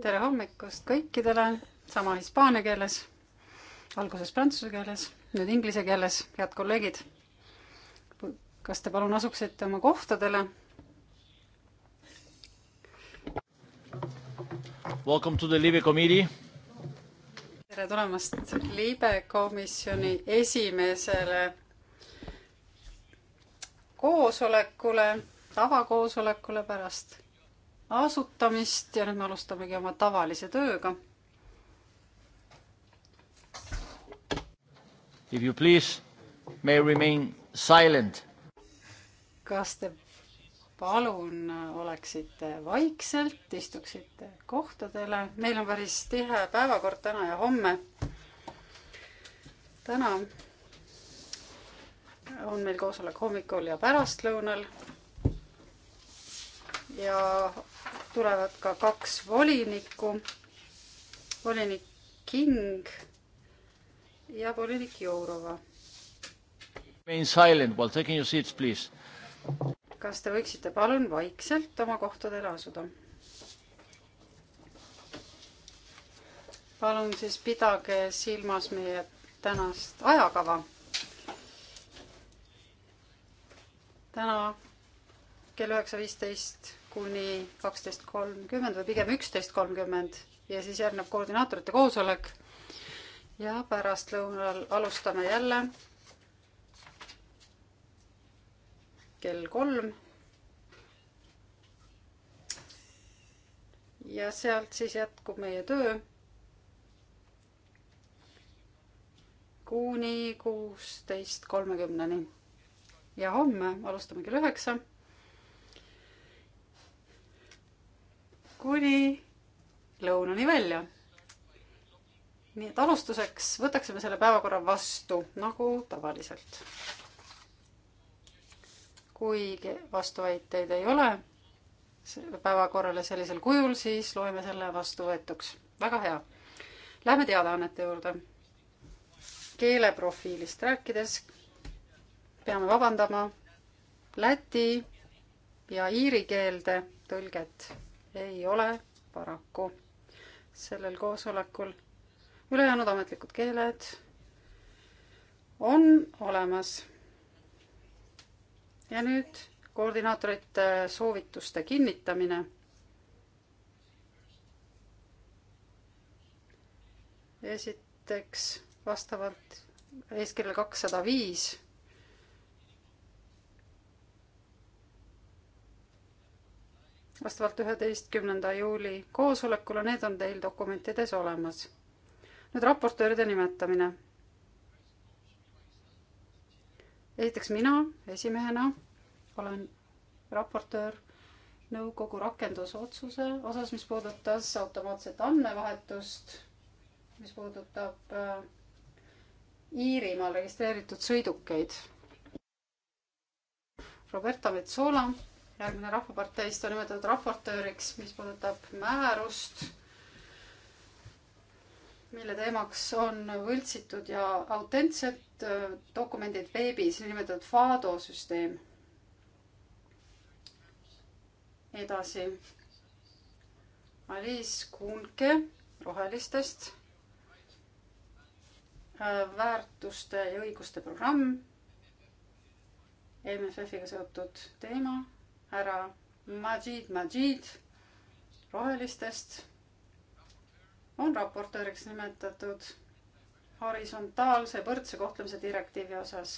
tere hommikust kõikidele, sama hispaania keeles, alguses prantsuse keeles, nüüd inglise keeles, head kolleegid. kas te palun asuksite oma kohtadele? Welcome to the Libe committee. tere tulemast Libe komisjoni esimesele koosolekule, tavakoosolekule pärast asutamist ja nüüd me alustamegi oma tavalise tööga. If you please may remain silent. kas te palun oleksite vaikselt, istuksite kohtadele, meil on päris tihe päevakord täna ja homme. täna on meil koosolek hommikul ja pärastlõunal ja tulevad ka kaks volinikku, volinik King ja volinik Jourova. kas te võiksite palun vaikselt oma kohtadele asuda? palun siis pidage silmas meie tänast ajakava. täna kell üheksa viisteist kuni kaksteist kolmkümmend või pigem üksteist kolmkümmend ja siis järgneb koordinaatorite koosolek. ja pärastlõunal alustame jälle kell kolm. ja sealt siis jätkub meie töö kuni kuusteist kolmekümneni. ja homme alustame kell üheksa kuni lõunani välja. nii et alustuseks võtaksime selle päevakorra vastu nagu tavaliselt. kui vastuväiteid ei ole päevakorrale sellisel kujul, siis loeme selle vastuvõetuks. väga hea. Lähme teadaannete juurde. keeleprofiilist rääkides peame vabandama läti ja iiri keelde tõlget ei ole paraku sellel koosolekul. ülejäänud ametlikud keeled on olemas. ja nüüd koordinaatorite soovituste kinnitamine. esiteks vastavalt eeskirjale kakssada viis vastavalt üheteistkümnenda juuli koosolekule, need on teil dokumentides olemas. nüüd raportööride nimetamine. esiteks mina esimehena olen raportöör nõukogu rakendusotsuse osas, mis puudutas automaatset andmevahetust, mis puudutab äh, Iirimaal registreeritud sõidukeid. Roberta Metsola järgmine Rahvaparteist on nimetatud raportööriks, mis puudutab määrust, mille teemaks on võltsitud ja autentsed äh, dokumendid veebis, niinimetatud FADO süsteem. edasi. Aliis Kuunke Rohelistest. Äh, väärtuste ja õiguste programm e MFF-iga seotud teema härra Majid Majid rohelistest on raportööriks nimetatud horisontaalse võrdse kohtlemise direktiivi osas.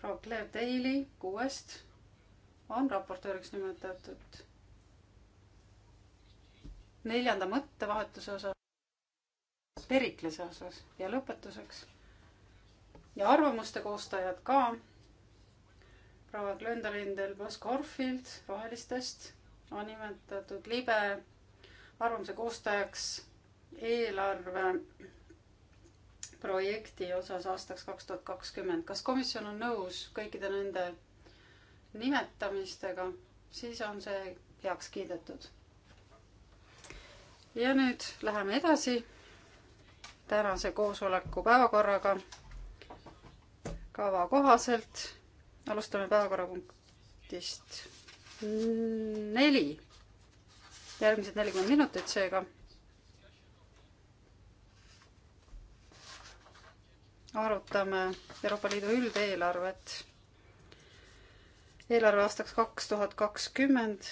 proua Claire Daly kuuest on raportööriks nimetatud neljanda mõttevahetuse osas, periklase osas ja lõpetuseks ja arvamuste koostajad ka proua Glendalin del Bosco-Orfild Rohelistest on nimetatud libe arvamuse koostajaks eelarve projekti osas aastaks kaks tuhat kakskümmend. kas komisjon on nõus kõikide nende nimetamistega, siis on see heaks kiidetud. ja nüüd läheme edasi tänase koosoleku päevakorraga. kava kohaselt alustame päevakorrapunktist neli, järgmised nelikümmend minutit seega. arutame Euroopa Liidu üldeelarvet eelarve aastaks kaks tuhat kakskümmend.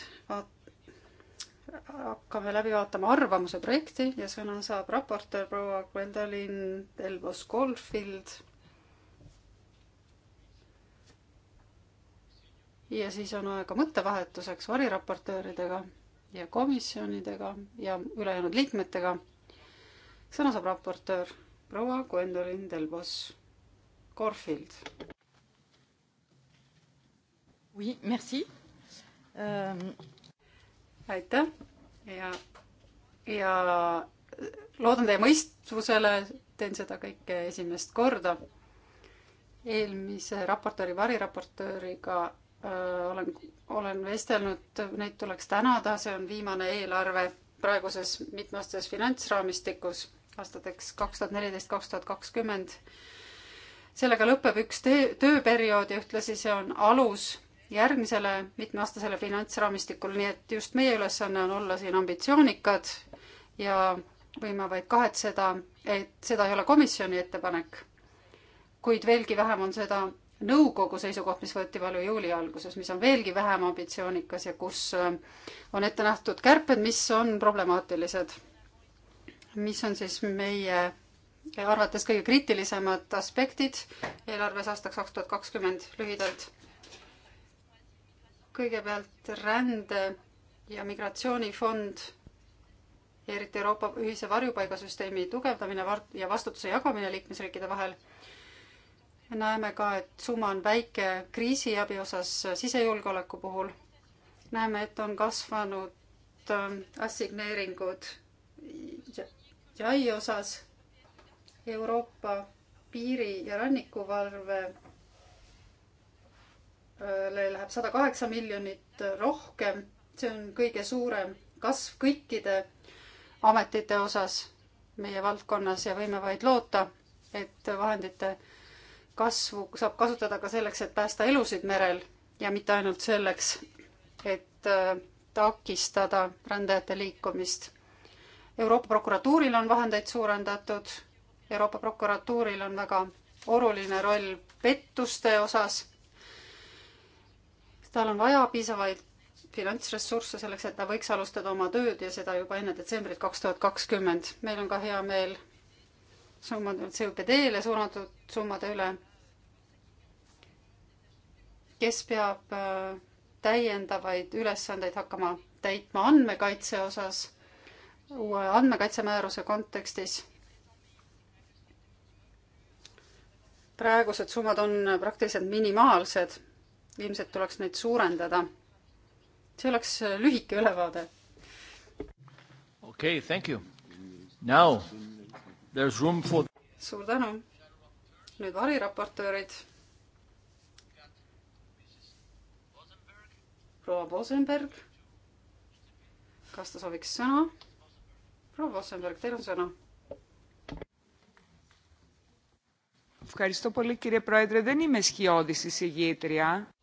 hakkame läbi vaatama arvamuse projekti ja sõna saab raportöör proua Gwendolyn Delbos-Goldfield ja siis on aega mõttevahetuseks variraportööridega ja komisjonidega ja ülejäänud liikmetega. sõna saab raportöör proua Gwendolyn Delbos Corfield. Oui, merci ähm.. aitäh ja, ja loodan teie mõistusele, teen seda kõike esimest korda eelmise raportööri, variraportööriga Äh, olen, olen vestelnud, neid tuleks tänada, see on viimane eelarve praeguses mitmeaastases finantsraamistikus aastateks kaks tuhat neliteist, kaks tuhat kakskümmend. sellega lõpeb üks töö, tööperiood ja ühtlasi see on alus järgmisele mitmeaastasele finantsraamistikule, nii et just meie ülesanne on olla siin ambitsioonikad ja võime vaid kahetseda, et seda ei ole komisjoni ettepanek. kuid veelgi vähem on seda nõukogu seisukoht, mis võeti palju juuli alguses, mis on veelgi vähem ambitsioonikas ja kus äh, on ette nähtud kärped, mis on problemaatilised. mis on siis meie arvates kõige kriitilisemad aspektid eelarves aastaks kaks tuhat kakskümmend lühidalt? kõigepealt rände ja migratsioonifond ja eriti Euroopa ühise varjupaigasüsteemi tugevdamine ja vastutuse jagamine liikmesriikide vahel näeme ka, et summa on väike kriisiabi osas sisejulgeoleku puhul. näeme, et on kasvanud ähm, assigneeringud jai osas. Euroopa piiri- ja rannikuvalvele äh, läheb sada kaheksa miljonit rohkem, see on kõige suurem kasv kõikide ametite osas meie valdkonnas ja võime vaid loota, et vahendite kasvu saab kasutada ka selleks, et päästa elusid merel ja mitte ainult selleks, et äh, takistada rändajate liikumist. Euroopa prokuratuuril on vahendeid suurendatud, Euroopa prokuratuuril on väga oluline roll pettuste osas. tal on vaja piisavaid finantsressursse selleks, et ta võiks alustada oma tööd ja seda juba enne detsembrit kaks tuhat kakskümmend. meil on ka hea meel summad CÜPD-le suunatud summade üle kes peab äh, täiendavaid ülesandeid hakkama täitma andmekaitse osas uue andmekaitsemääruse kontekstis. praegused summad on praktiliselt minimaalsed, ilmselt tuleks neid suurendada. see oleks äh, lühike ülevaade. okei okay,, thank you. Now there is room for. suur tänu. nüüd variraportöörid proua Bosenberg. kas ta sooviks sõna? proua Bosenberg, teil on sõna.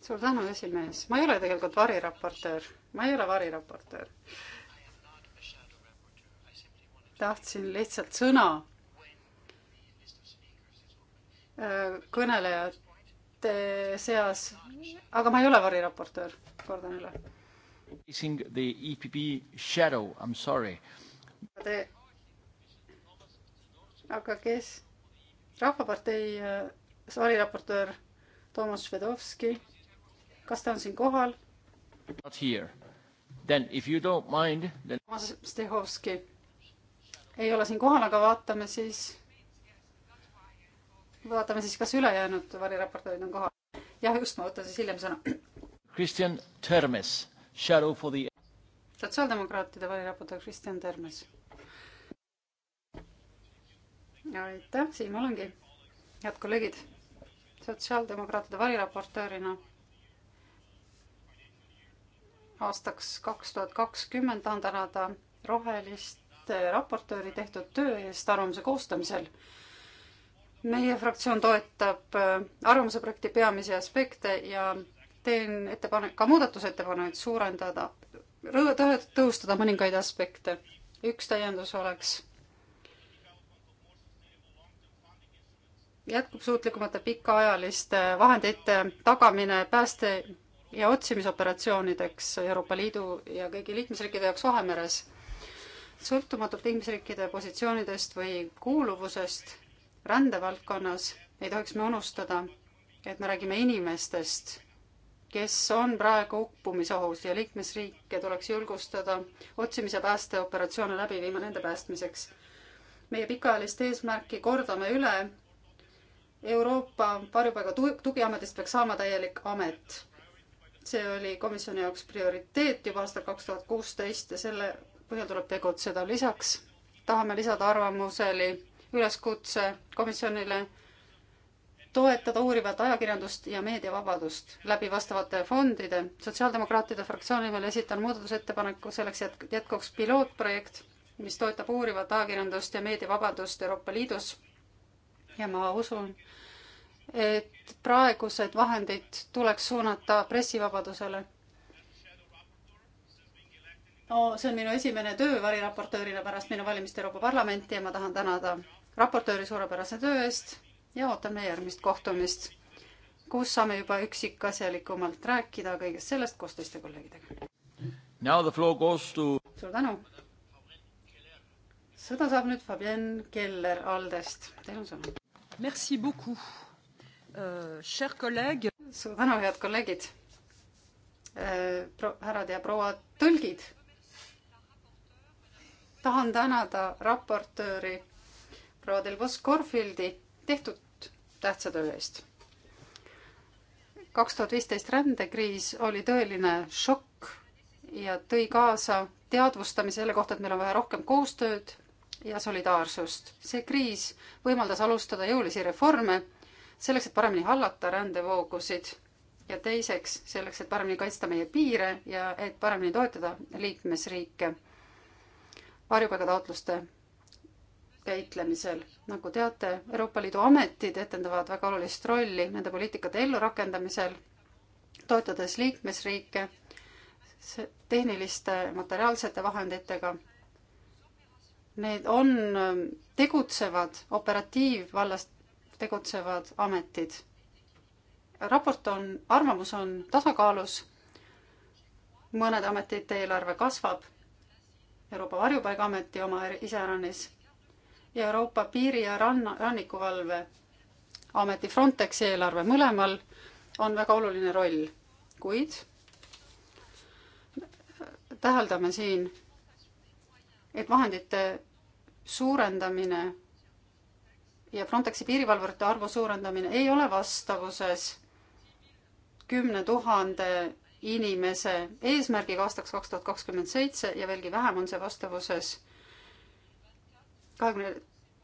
suur tänu, esimees. ma ei ole tegelikult variraportöör, ma ei ole variraportöör. tahtsin lihtsalt sõna äh, kõnelejad seas, aga ma ei ole variraportöör, kordan üle. The EPP shadow, I m sorry. Te, aga kes? rahvapartei äh, variraportöör Toomas Švedovski, kas ta on siin kohal? Not here. Then if you don't mind then.... Toomas Švedovski ei ole siin kohal, aga vaatame siis vaatame siis, kas ülejäänud variraportöörid on kohal. jah, just, ma võtan siis hiljem sõna. Kristjan Termes, shadow for the sotsiaaldemokraatide variraportöör Kristjan Termes. aitäh, siin ma olengi. head kolleegid, sotsiaaldemokraatide variraportöörina aastaks kaks tuhat kakskümmend tahan tänada rohelist raportööri tehtud töö eest arvamuse koostamisel meie fraktsioon toetab äh, arvamuse projekti peamisi aspekte ja teen ettepanek, ka muudatusettepanekuid suurendada, tõhustada mõningaid aspekte. üks täiendus oleks jätkusuutlikumate pikaajaliste vahendite tagamine pääste- ja otsimisoperatsioonideks Euroopa Liidu ja kõigi liikmesriikide jaoks Vahemeres. sõltumatult liikmesriikide positsioonidest või kuuluvusest rändevaldkonnas ei tohiks me unustada, et me räägime inimestest, kes on praegu uppumisohus ja liikmesriike tuleks julgustada otsimise päästeoperatsioone läbi viima nende päästmiseks. meie pikaajalist eesmärki kordame üle. Euroopa varjupaiga tugiametist peaks saama täielik amet. see oli komisjoni jaoks prioriteet juba aastal kaks tuhat kuusteist ja selle põhjal tuleb tegutseda. lisaks tahame lisada arvamuseli üleskutse komisjonile toetada uurivat ajakirjandust ja meediavabadust läbi vastavate fondide. sotsiaaldemokraatide fraktsiooni nimel esitan muudatusettepaneku selleks, et jätkuks pilootprojekt, mis toetab uurivat ajakirjandust ja meediavabadust Euroopa Liidus. ja ma usun, et praegused vahendid tuleks suunata pressivabadusele. no see on minu esimene töö variraportöörina pärast minu valimist Euroopa Parlamenti ja ma tahan tänada raportööri suurepärase töö eest ja ootame järgmist kohtumist, kus saame juba üksikasjalikumalt rääkida kõigest sellest koos teiste kolleegidega. To... suur tänu. sõna saab nüüd Fabienne Keller Aldest, teil on sõna. Merci beaucoup uh,, cher kolleeg. suur tänu, head kolleegid uh,, pro-, härrad ja prouad tõlgid. tahan tänada raportööri proua Delvos Corfieldi tehtud tähtsa töö eest. kaks tuhat viisteist rändekriis oli tõeline šokk ja tõi kaasa teadvustamise selle kohta, et meil on vaja rohkem koostööd ja solidaarsust. see kriis võimaldas alustada jõulisi reforme selleks, et paremini hallata rändevoogusid ja teiseks selleks, et paremini kaitsta meie piire ja et paremini toetada liikmesriike varjupaigataotluste käitlemisel. nagu teate, Euroopa Liidu ametid etendavad väga olulist rolli nende poliitikate ellurakendamisel, toetades liikmesriike tehniliste materiaalsete vahenditega. Need on ähm, tegutsevad, operatiivvallas tegutsevad ametid. raport on, arvamus on tasakaalus mõnede ametite eelarve kasvab, Euroopa Varjupaigaameti oma iseäranis ja Euroopa Piiri- ja Ranna, Rannikuvalve Ameti Frontexi eelarve, mõlemal on väga oluline roll, kuid täheldame siin, et vahendite suurendamine ja Frontexi piirivalvurite arvu suurendamine ei ole vastavuses kümne tuhande inimese eesmärgiga aastaks kaks tuhat kakskümmend seitse ja veelgi vähem on see vastavuses kahekümne,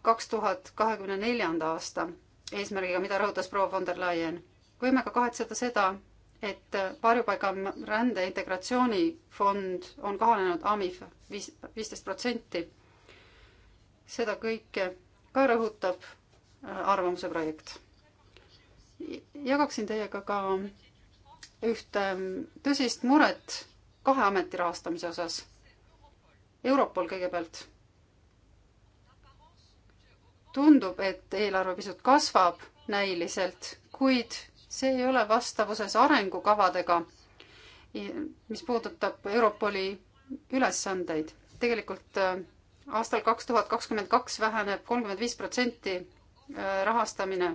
kaks tuhat kahekümne neljanda aasta eesmärgiga, mida rõhutas proua von der Leyen. võime ka kahetseda seda, et varjupaiga rände integratsioonifond on kahanenud AMIF viis, viisteist protsenti. seda kõike ka rõhutab äh, arvamuse projekt. jagaksin teiega ka ühte ähm, tõsist muret kahe ameti rahastamise osas. Europol kõigepealt tundub, et eelarve pisut kasvab näiliselt, kuid see ei ole vastavuses arengukavadega, mis puudutab Europoli ülesandeid. tegelikult äh, aastal kaks tuhat kakskümmend kaks väheneb kolmkümmend viis protsenti äh, rahastamine.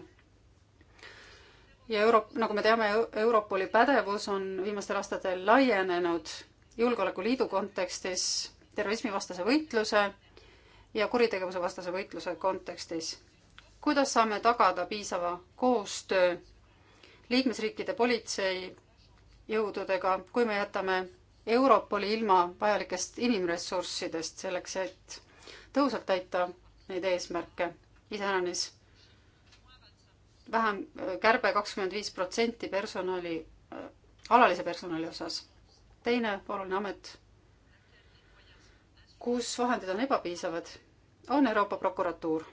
ja Euro-, nagu me teame, Europoli pädevus on viimastel aastatel laienenud Julgeolekuliidu kontekstis terrorismivastase võitluse ja kuritegevuse vastase võitluse kontekstis. kuidas saame tagada piisava koostöö liikmesriikide politseijõududega, kui me jätame Europoli ilma vajalikest inimressurssidest selleks, et tõhusalt täita neid eesmärke. iseäranis vähem kärbe kakskümmend viis protsenti personali, äh, alalise personali osas. teine oluline amet, kus vahendid on ebapiisavad on Euroopa prokuratuur.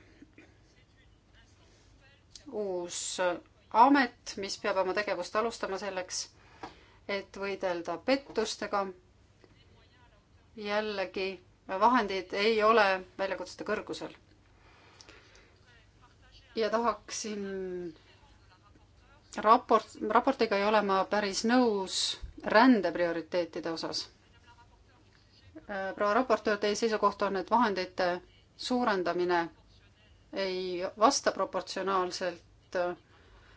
uus amet, mis peab oma tegevust alustama selleks, et võidelda pettustega. jällegi, vahendid ei ole väljakutsete kõrgusel. ja tahaksin raport, raportiga ei ole ma päris nõus rände prioriteetide osas. proua raportöör, teie seisukoht on, et vahendite suurendamine ei vasta proportsionaalselt äh,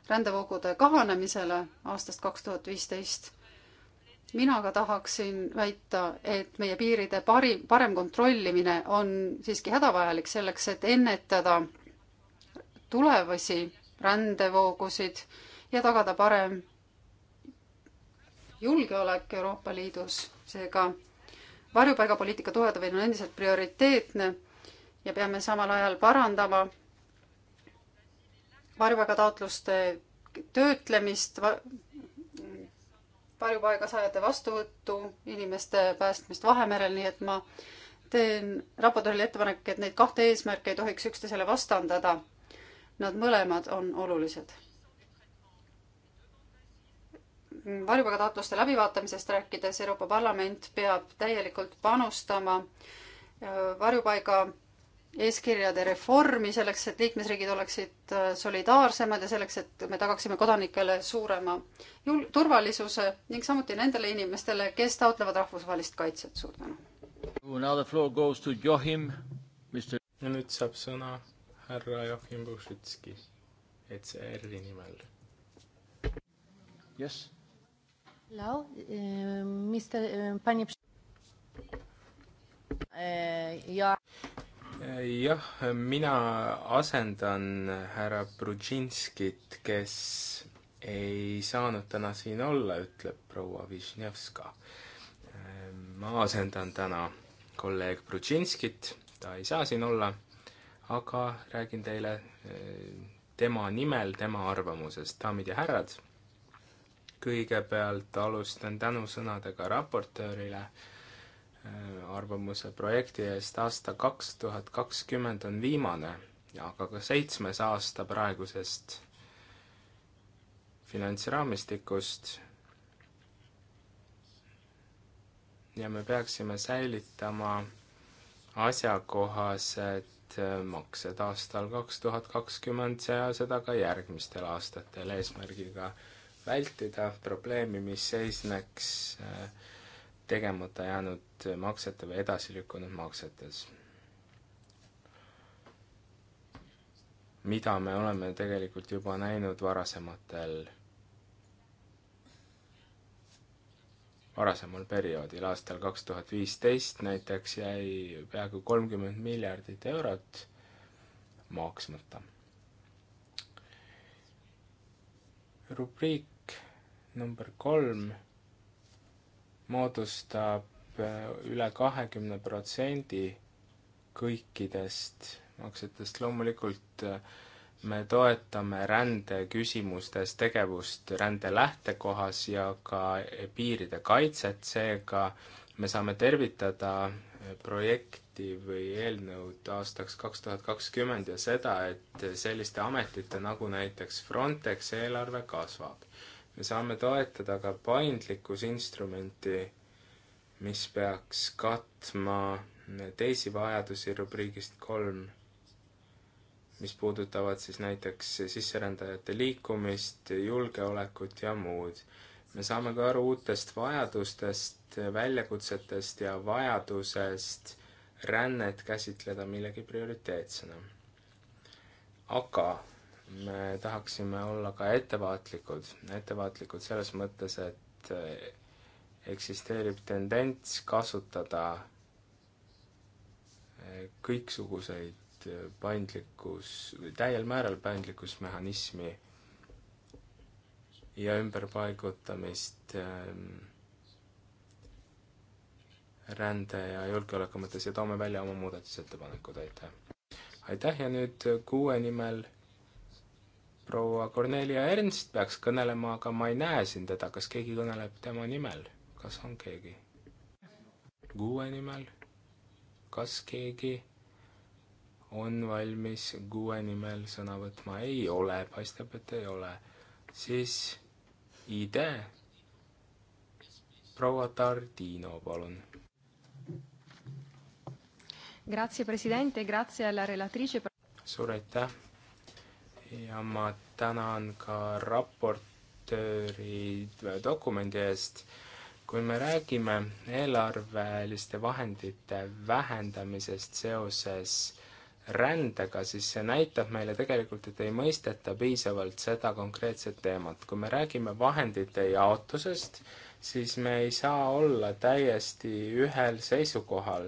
rändevoogude kahanemisele aastast kaks tuhat viisteist. mina aga tahaksin väita, et meie piiride parim, parem kontrollimine on siiski hädavajalik selleks, et ennetada tulevasi rändevoogusid ja tagada parem julgeolek Euroopa Liidus, seega varjupaigapoliitika toetamine on endiselt prioriteetne ja peame samal ajal parandama varjupaigataotluste töötlemist, varjupaiga saajate vastuvõttu, inimeste päästmist Vahemerel, nii et ma teen raportöörile ettepaneku, et neid kahte eesmärki ei tohiks üksteisele vastandada. Nad mõlemad on olulised. varjupaiga taotluste läbivaatamisest rääkides Euroopa Parlament peab täielikult panustama äh, varjupaiga eeskirjade reformi selleks, et liikmesriigid oleksid äh, solidaarsemad ja selleks, et me tagaksime kodanikele suurema jul-, turvalisuse ning samuti nendele inimestele, kes taotlevad rahvusvahelist kaitset. suur tänu! ja nüüd saab sõna härra Joachim Bušitski, ECR-i nimel. jah. Hello, uh, eh, Mr. Uh, eh, Pani eh, ja jah, mina asendan härra Brudžinskit, kes ei saanud täna siin olla, ütleb proua Višnevska. Ehm, ma asendan täna kolleeg Brudžinskit, ta ei saa siin olla, aga räägin teile ehm, tema nimel tema arvamusest, daamid ja härrad. kõigepealt alustan tänusõnadega raportöörile Äh, arvamuse projekti eest, aasta kaks tuhat kakskümmend on viimane, aga ka seitsmes aasta praegusest finantsraamistikust. ja me peaksime säilitama asjakohased äh, maksed aastal kaks tuhat kakskümmend ja seda ka järgmistel aastatel, eesmärgiga vältida probleemi, mis seisneks äh, tegemata jäänud maksete või edasilükkunud maksetes. mida me oleme tegelikult juba näinud varasematel, varasemal perioodil, aastal kaks tuhat viisteist näiteks jäi peaaegu kolmkümmend miljardit eurot maksmata. rubriik number kolm moodustab äh, üle kahekümne protsendi kõikidest maksetest. loomulikult äh, me toetame rändeküsimustes tegevust rände lähtekohas ja ka piiride kaitset, seega me saame tervitada äh, projekti või eelnõud aastaks kaks tuhat kakskümmend ja seda, et selliste ametite nagu näiteks Frontex eelarve kasvab me saame toetada ka paindlikkusinstrumenti, mis peaks katma teisi vajadusi rubriigist kolm, mis puudutavad siis näiteks sisserändajate liikumist, julgeolekut ja muud. me saame ka aru uutest vajadustest, väljakutsetest ja vajadusest rännet käsitleda millegi prioriteetsena. aga me tahaksime olla ka ettevaatlikud, ettevaatlikud selles mõttes, et eh, eksisteerib tendents kasutada eh, kõiksuguseid eh, paindlikkus, täiel määral paindlikkusmehhanismi ja ümberpaigutamist rände ja julgeoleku mõttes ja toome välja oma muudatusettepanekud, aitäh! aitäh ja nüüd kuue nimel proua Cornelia Ernst peaks kõnelema, aga ma ei näe siin teda, kas keegi kõneleb tema nimel, kas on keegi? Gue nimel, kas keegi on valmis Gue nimel sõna võtma, ei ole, paistab, et ei ole. siis idee, proua Tardino, palun Grazie Presidente, grazie alla relatrice. Suur aitäh, ja ma tänan ka raportööri dokumendi eest. kui me räägime eelarveliste vahendite vähendamisest seoses rändega, siis see näitab meile tegelikult, et ei mõisteta piisavalt seda konkreetset teemat. kui me räägime vahendite jaotusest, siis me ei saa olla täiesti ühel seisukohal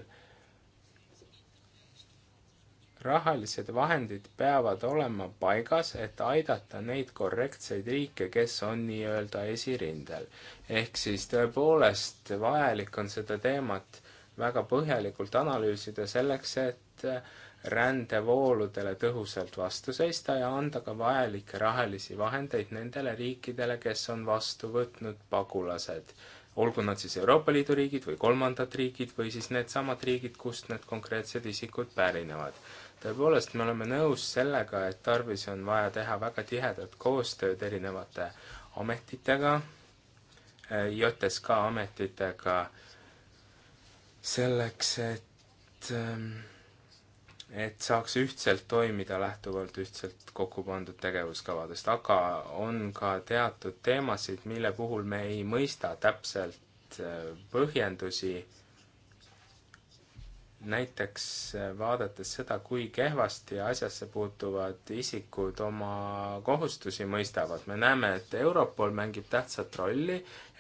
rahalised vahendid peavad olema paigas, et aidata neid korrektseid riike, kes on nii-öelda esirindel. ehk siis tõepoolest vajalik on seda teemat väga põhjalikult analüüsida selleks, et äh, rändevooludele tõhusalt vastu seista ja anda ka vajalikke rahalisi vahendeid nendele riikidele, kes on vastu võtnud pagulased. olgu nad siis Euroopa Liidu riigid või kolmandad riigid või siis needsamad riigid, kust need konkreetsed isikud pärinevad tõepoolest, me oleme nõus sellega, et tarvis on vaja teha väga tihedat koostööd erinevate ametitega, eh, JSK ametitega, selleks, et, ehm, et saaks ühtselt toimida lähtuvalt ühtselt kokku pandud tegevuskavadest, aga on ka teatud teemasid, mille puhul me ei mõista täpselt eh, põhjendusi näiteks äh, vaadates seda, kui kehvasti asjasse puutuvad isikud oma kohustusi mõistavad. me näeme, et Europol mängib tähtsat rolli,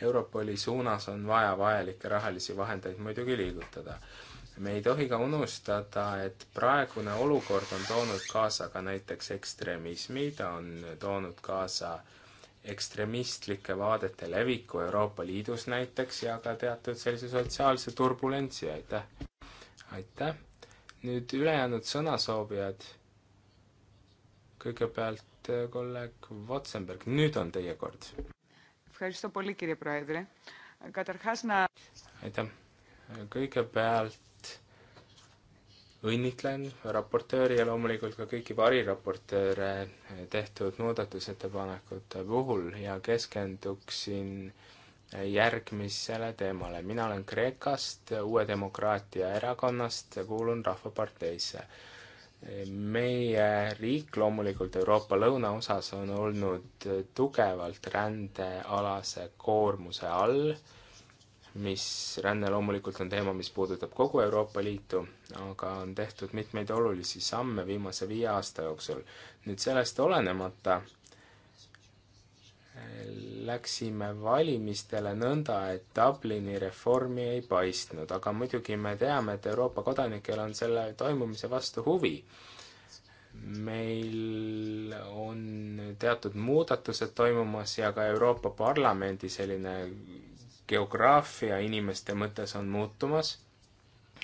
Europoli suunas on vaja vajalikke rahalisi vahendeid muidugi liigutada. me ei tohi ka unustada, et praegune olukord on toonud kaasa ka näiteks ekstremismi, ta on toonud kaasa ekstremistlike vaadete leviku Euroopa Liidus näiteks ja ka teatud sellise sotsiaalse turbulentsi, aitäh! aitäh! nüüd ülejäänud sõnasoovijad, kõigepealt äh, kolleeg Votsenberg, nüüd on teie kord. aitäh! kõigepealt õnnitlen raportööri ja loomulikult ka kõiki variraportööre äh, tehtud muudatusettepanekute puhul ja keskenduksin äh, järgmisele teemale. mina olen Kreekast, Uue Demokraatia Erakonnast, kuulun Rahvaparteisse. meie riik loomulikult Euroopa lõunaosas on olnud tugevalt rändealase koormuse all, mis, ränne loomulikult on teema, mis puudutab kogu Euroopa Liitu, aga on tehtud mitmeid olulisi samme viimase viie aasta jooksul. nüüd sellest olenemata läksime valimistele nõnda, et Dublini reformi ei paistnud, aga muidugi me teame, et Euroopa kodanikel on selle toimumise vastu huvi. meil on teatud muudatused toimumas ja ka Euroopa Parlamendi selline geograafia inimeste mõttes on muutumas,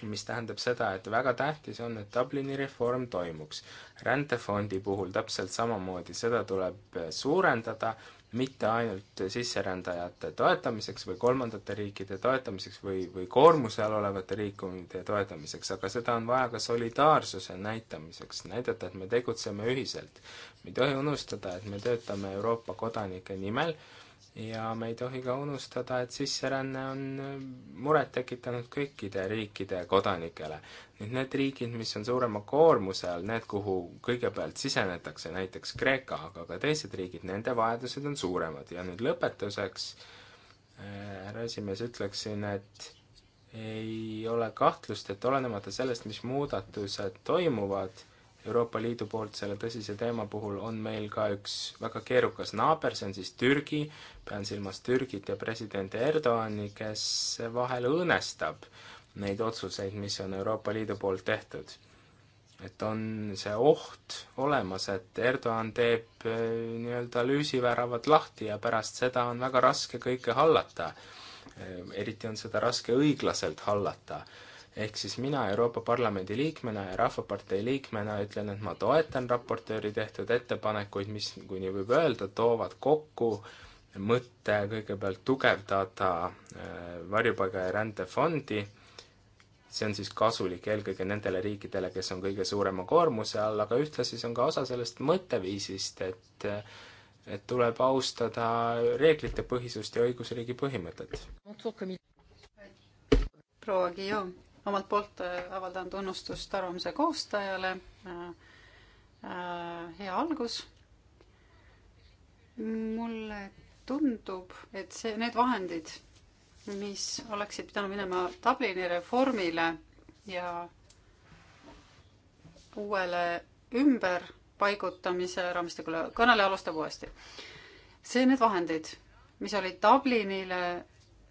mis tähendab seda, et väga tähtis on, et Dublini reform toimuks. rändefondi puhul täpselt samamoodi, seda tuleb suurendada mitte ainult sisserändajate toetamiseks või kolmandate riikide toetamiseks või, või koormuse all olevate riikide toetamiseks, aga seda on vaja ka solidaarsuse näitamiseks, näidata, et me tegutseme ühiselt. me ei tohi unustada, et me töötame Euroopa kodanike nimel ja me ei tohi ka unustada, et sisseränne on äh, muret tekitanud kõikide riikide kodanikele. nüüd need riigid, mis on suurema koormuse all, need, kuhu kõigepealt sisenetakse, näiteks Kreeka, aga ka teised riigid, nende vajadused on suuremad ja nüüd lõpetuseks äh, härra esimees, ütleksin, et ei ole kahtlust, et olenemata sellest, mis muudatused toimuvad, Euroopa Liidu poolt selle tõsise teema puhul on meil ka üks väga keerukas naaber, see on siis Türgi, pean silmas Türgit ja president Erdoani, kes vahel õõnestab neid otsuseid, mis on Euroopa Liidu poolt tehtud. et on see oht olemas, et Erdoan teeb eh, nii-öelda lüüsiväravad lahti ja pärast seda on väga raske kõike hallata. Eh, eriti on seda raske õiglaselt hallata ehk siis mina Euroopa Parlamendi liikmena ja Rahvapartei liikmena ütlen, et ma toetan raportööri tehtud ettepanekuid, mis, kui nii võib öelda, toovad kokku mõtte kõigepealt tugevdada äh, varjupaiga ja rändefondi, see on siis kasulik eelkõige nendele riikidele, kes on kõige suurema koormuse all, aga ühtlasi see on ka osa sellest mõtteviisist, et et tuleb austada reeglite põhisust ja õigusriigi põhimõtet. proua Guillaume omalt poolt äh, avaldan tunnustust arvamuse koostajale. Äh, äh, hea algus. mulle tundub, et see, need vahendid, mis oleksid pidanud minema Dublini reformile ja uuele ümberpaigutamise raamistikule, kõneleja alustab uuesti. see, need vahendid, mis olid Dublinile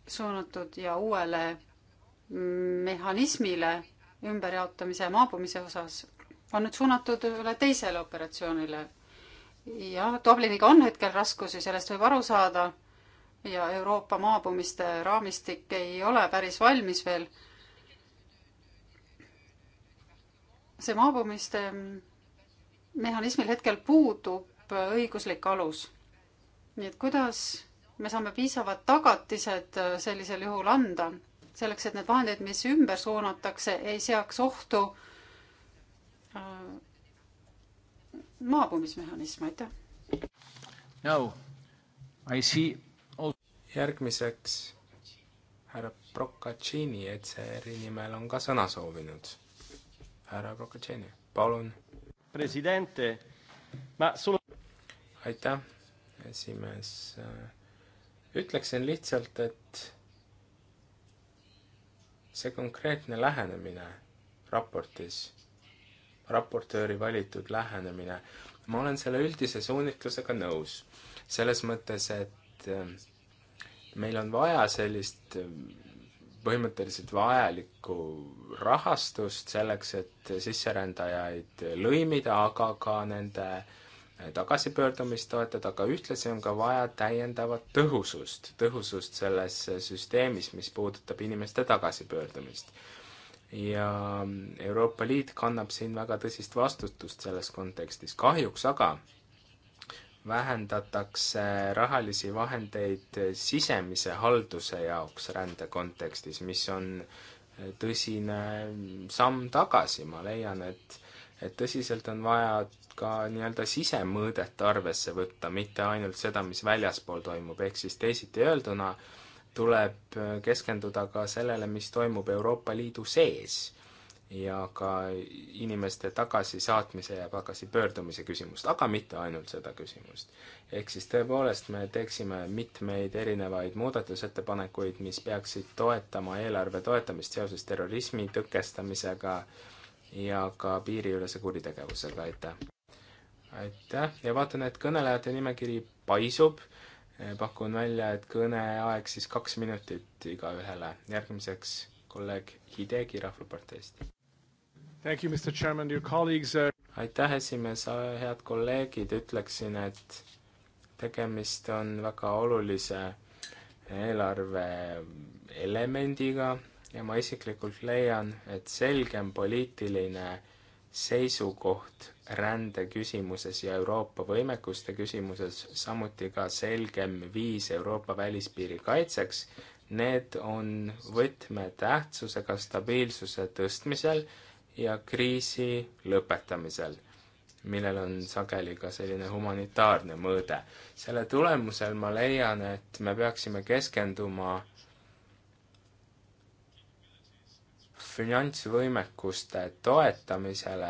suunatud ja uuele mehhanismile ümberjaotamise ja maabumise osas on nüüd suunatud üle teisele operatsioonile. jah, Dubliniga on hetkel raskusi, sellest võib aru saada ja Euroopa maabumiste raamistik ei ole päris valmis veel. see maabumiste mehhanismil hetkel puudub õiguslik alus. nii et kuidas me saame piisavad tagatised sellisel juhul anda selleks, et need vahendid, mis ümber suunatakse, ei seaks ohtu äh, maabumismehhanism, aitäh. no I see oh.. järgmiseks härra Procaccini ECR-i nimel on ka sõna soovinud. härra Procaccini, palun. presidente, ma sul-. aitäh, esimees. ütleksin lihtsalt, et see konkreetne lähenemine raportis, raportööri valitud lähenemine, ma olen selle üldise suunitlusega nõus. selles mõttes, et äh, meil on vaja sellist äh, põhimõtteliselt vajalikku rahastust selleks, et sisserändajaid lõimida, aga ka nende äh, Äh, tagasipöördumist toetada, aga ühtlasi on ka vaja täiendavat tõhusust, tõhusust selles äh, süsteemis, mis puudutab inimeste tagasipöördumist. ja mm, Euroopa Liit kannab siin väga tõsist vastutust selles kontekstis, kahjuks aga vähendatakse rahalisi vahendeid äh, sisemise halduse jaoks rände kontekstis, mis on tõsine mm, samm tagasi, ma leian, et et tõsiselt on vaja ka nii-öelda sisemõõdet arvesse võtta, mitte ainult seda, mis väljaspool toimub, ehk siis teisiti öelduna tuleb keskenduda ka sellele, mis toimub Euroopa Liidu sees ja ka inimeste tagasisaatmise ja tagasipöördumise küsimust, aga mitte ainult seda küsimust. ehk siis tõepoolest me teeksime mitmeid erinevaid muudatusettepanekuid, mis peaksid toetama eelarve toetamist seoses terrorismi tõkestamisega äh,, ja ka piiriülese kuritegevusega, aitäh! aitäh ja vaatan, et kõnelejate nimekiri paisub, pakun välja, et kõneaeg siis kaks minutit igaühele, järgmiseks kolleeg Hidegi Rahvaparteist. Uh, aitäh, esimees, head kolleegid, ütleksin, et tegemist on väga olulise eelarve elemendiga ja ma isiklikult leian, et selgem poliitiline seisukoht rändeküsimuses ja Euroopa võimekuste küsimuses, samuti ka selgem viis Euroopa välispiiri kaitseks, need on võtmetähtsusega stabiilsuse tõstmisel ja kriisi lõpetamisel, millel on sageli ka selline humanitaarne mõõde. selle tulemusel ma leian, et me peaksime keskenduma finantsvõimekuste toetamisele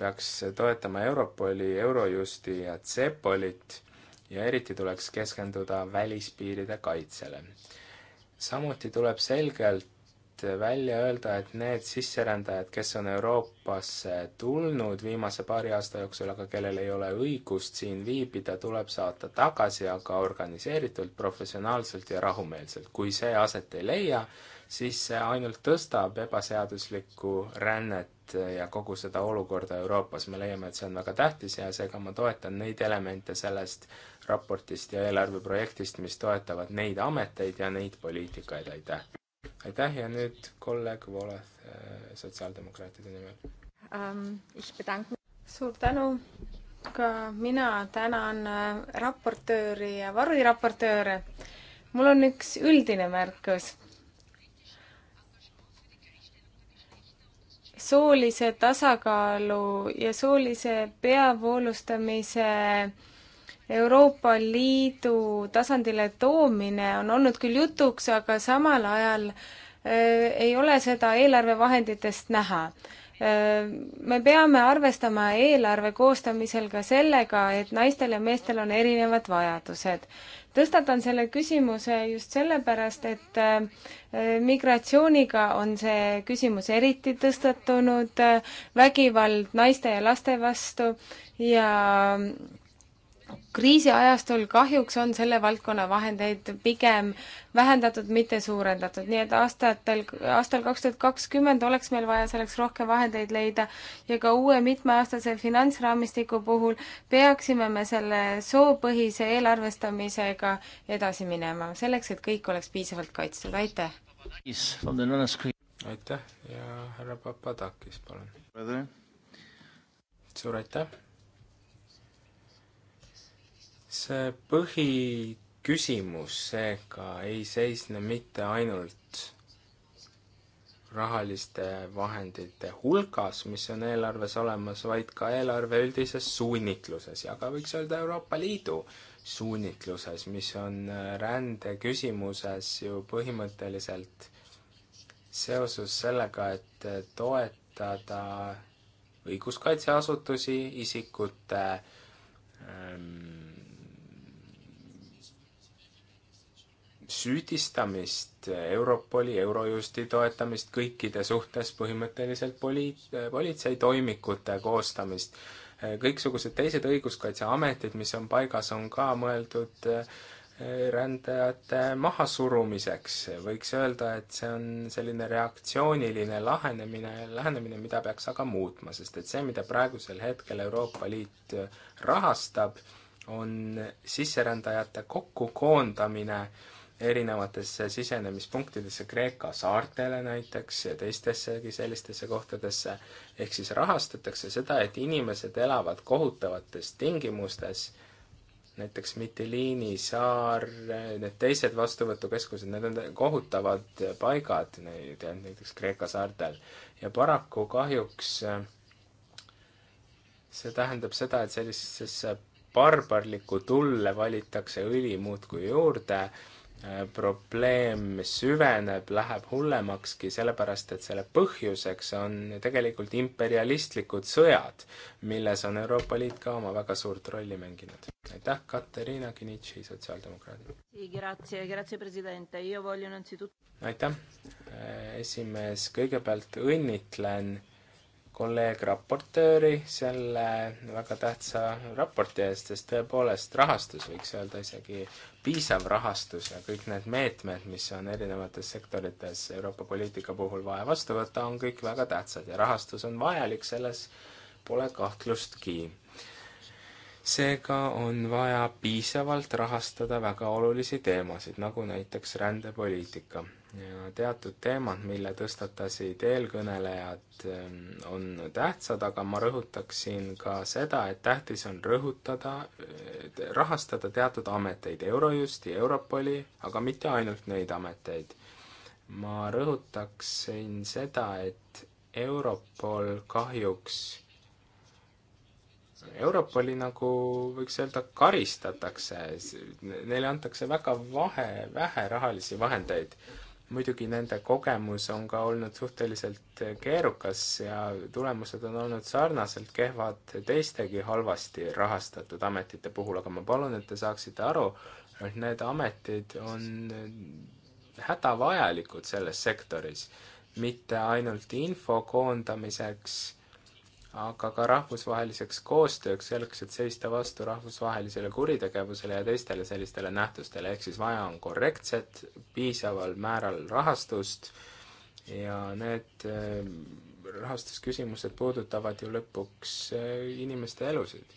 peaks toetama Europoli, Eurojusti ja Cepolit ja eriti tuleks keskenduda välispiiride kaitsele. samuti tuleb selgelt välja öelda, et need sisserändajad, kes on Euroopasse tulnud viimase paari aasta jooksul, aga kellel ei ole õigust siin viibida, tuleb saata tagasi, aga organiseeritult, professionaalselt ja rahumeelselt. kui see aset ei leia, siis see ainult tõstab ebaseaduslikku rännet ja kogu seda olukorda Euroopas. me leiame, et see on väga tähtis ja seega ma toetan neid elemente sellest raportist ja eelarveprojektist, mis toetavad neid ameteid ja neid poliitikaid, aitäh! aitäh ja nüüd kolleeg Volev äh, sotsiaaldemokraatide nimel um,. suur tänu! ka mina tänan äh, raportööri ja variraportööre. mul on üks üldine märkus soolise tasakaalu ja soolise peavoolustamise Euroopa Liidu tasandile toomine on olnud küll jutuks, aga samal ajal äh, ei ole seda eelarvevahenditest näha. Äh, me peame arvestama eelarve koostamisel ka sellega, et naistel ja meestel on erinevad vajadused. tõstatan selle küsimuse just sellepärast, et äh, migratsiooniga on see küsimus eriti tõstatunud, äh, vägivald naiste ja laste vastu ja kriisiajastul kahjuks on selle valdkonna vahendeid pigem vähendatud, mitte suurendatud, nii et aastatel, aastal kaks tuhat kakskümmend oleks meil vaja selleks rohkem vahendeid leida ja ka uue mitmeaastase finantsraamistiku puhul peaksime me selle soopõhise eelarvestamisega edasi minema, selleks et kõik oleks piisavalt kaitstud, aitäh! aitäh ja härra Papadakis, palun! suur aitäh! see põhiküsimus seega ei seisne mitte ainult rahaliste vahendite hulgas, mis on eelarves olemas, vaid ka eelarve üldises suunitluses ja ka võiks öelda Euroopa Liidu suunitluses, mis on äh, rände küsimuses ju põhimõtteliselt seoses sellega, et äh, toetada õiguskaitseasutusi, isikute ähm, süüdistamist, Europoli, Eurojusti toetamist kõikide suhtes, põhimõtteliselt poli-, politseitoimikute koostamist, kõiksugused teised õiguskaitseametid, mis on paigas, on ka mõeldud eh, rändajate mahasurumiseks, võiks öelda, et see on selline reaktsiooniline lahenemine, lähenemine, mida peaks aga muutma, sest et see, mida praegusel hetkel Euroopa Liit eh, rahastab, on sisserändajate kokkukoondamine äh, erinevatesse sisenemispunktidesse, Kreeka saartele näiteks ja teistessegi sellistesse kohtadesse, ehk siis rahastatakse seda, et inimesed elavad kohutavates tingimustes, näiteks Mitiliini saar, need teised vastuvõtukeskused, need on kohutavad paigad, neid on näiteks Kreeka saartel. ja paraku kahjuks äh, see tähendab seda, et sellisesse barbarlikku tulle valitakse õli muudkui juurde Äh, probleem süveneb, läheb hullemakski, sellepärast et selle põhjuseks on tegelikult imperialistlikud sõjad, milles on Euroopa Liit ka oma väga suurt rolli mänginud. aitäh, Katariina Kinitši, sotsiaaldemokraadid! aitäh, äh, esimees, kõigepealt õnnitlen kolleeg raportööri selle väga tähtsa raporti eest, sest tõepoolest rahastus, võiks öelda isegi, piisav rahastus ja kõik need meetmed, mis on erinevates sektorites Euroopa poliitika puhul vaja vastu võtta, on kõik väga tähtsad ja rahastus on vajalik, selles pole kahtlustki. seega on vaja piisavalt rahastada väga olulisi teemasid, nagu näiteks rändepoliitika ja teatud teemad, mille tõstatasid eelkõnelejad, ähm, on tähtsad, aga ma rõhutaksin ka seda, et tähtis on rõhutada, rahastada teatud ameteid, Eurojusti, Europoli, aga mitte ainult neid ameteid. ma rõhutaksin seda, et Europol kahjuks Europoli nagu võiks öelda, karistatakse, neile antakse väga vahe, vähe rahalisi vahendeid muidugi nende kogemus on ka olnud suhteliselt keerukas ja tulemused on olnud sarnaselt kehvad teistegi halvasti rahastatud ametite puhul, aga ma palun, et te saaksite aru, et need ametid on hädavajalikud selles sektoris, mitte ainult info koondamiseks aga ka rahvusvaheliseks koostööks, selleks, et seista vastu rahvusvahelisele kuritegevusele ja teistele sellistele nähtustele, ehk siis vaja on korrektset, piisaval määral rahastust ja need eh, rahastusküsimused puudutavad ju lõpuks eh, inimeste elusid.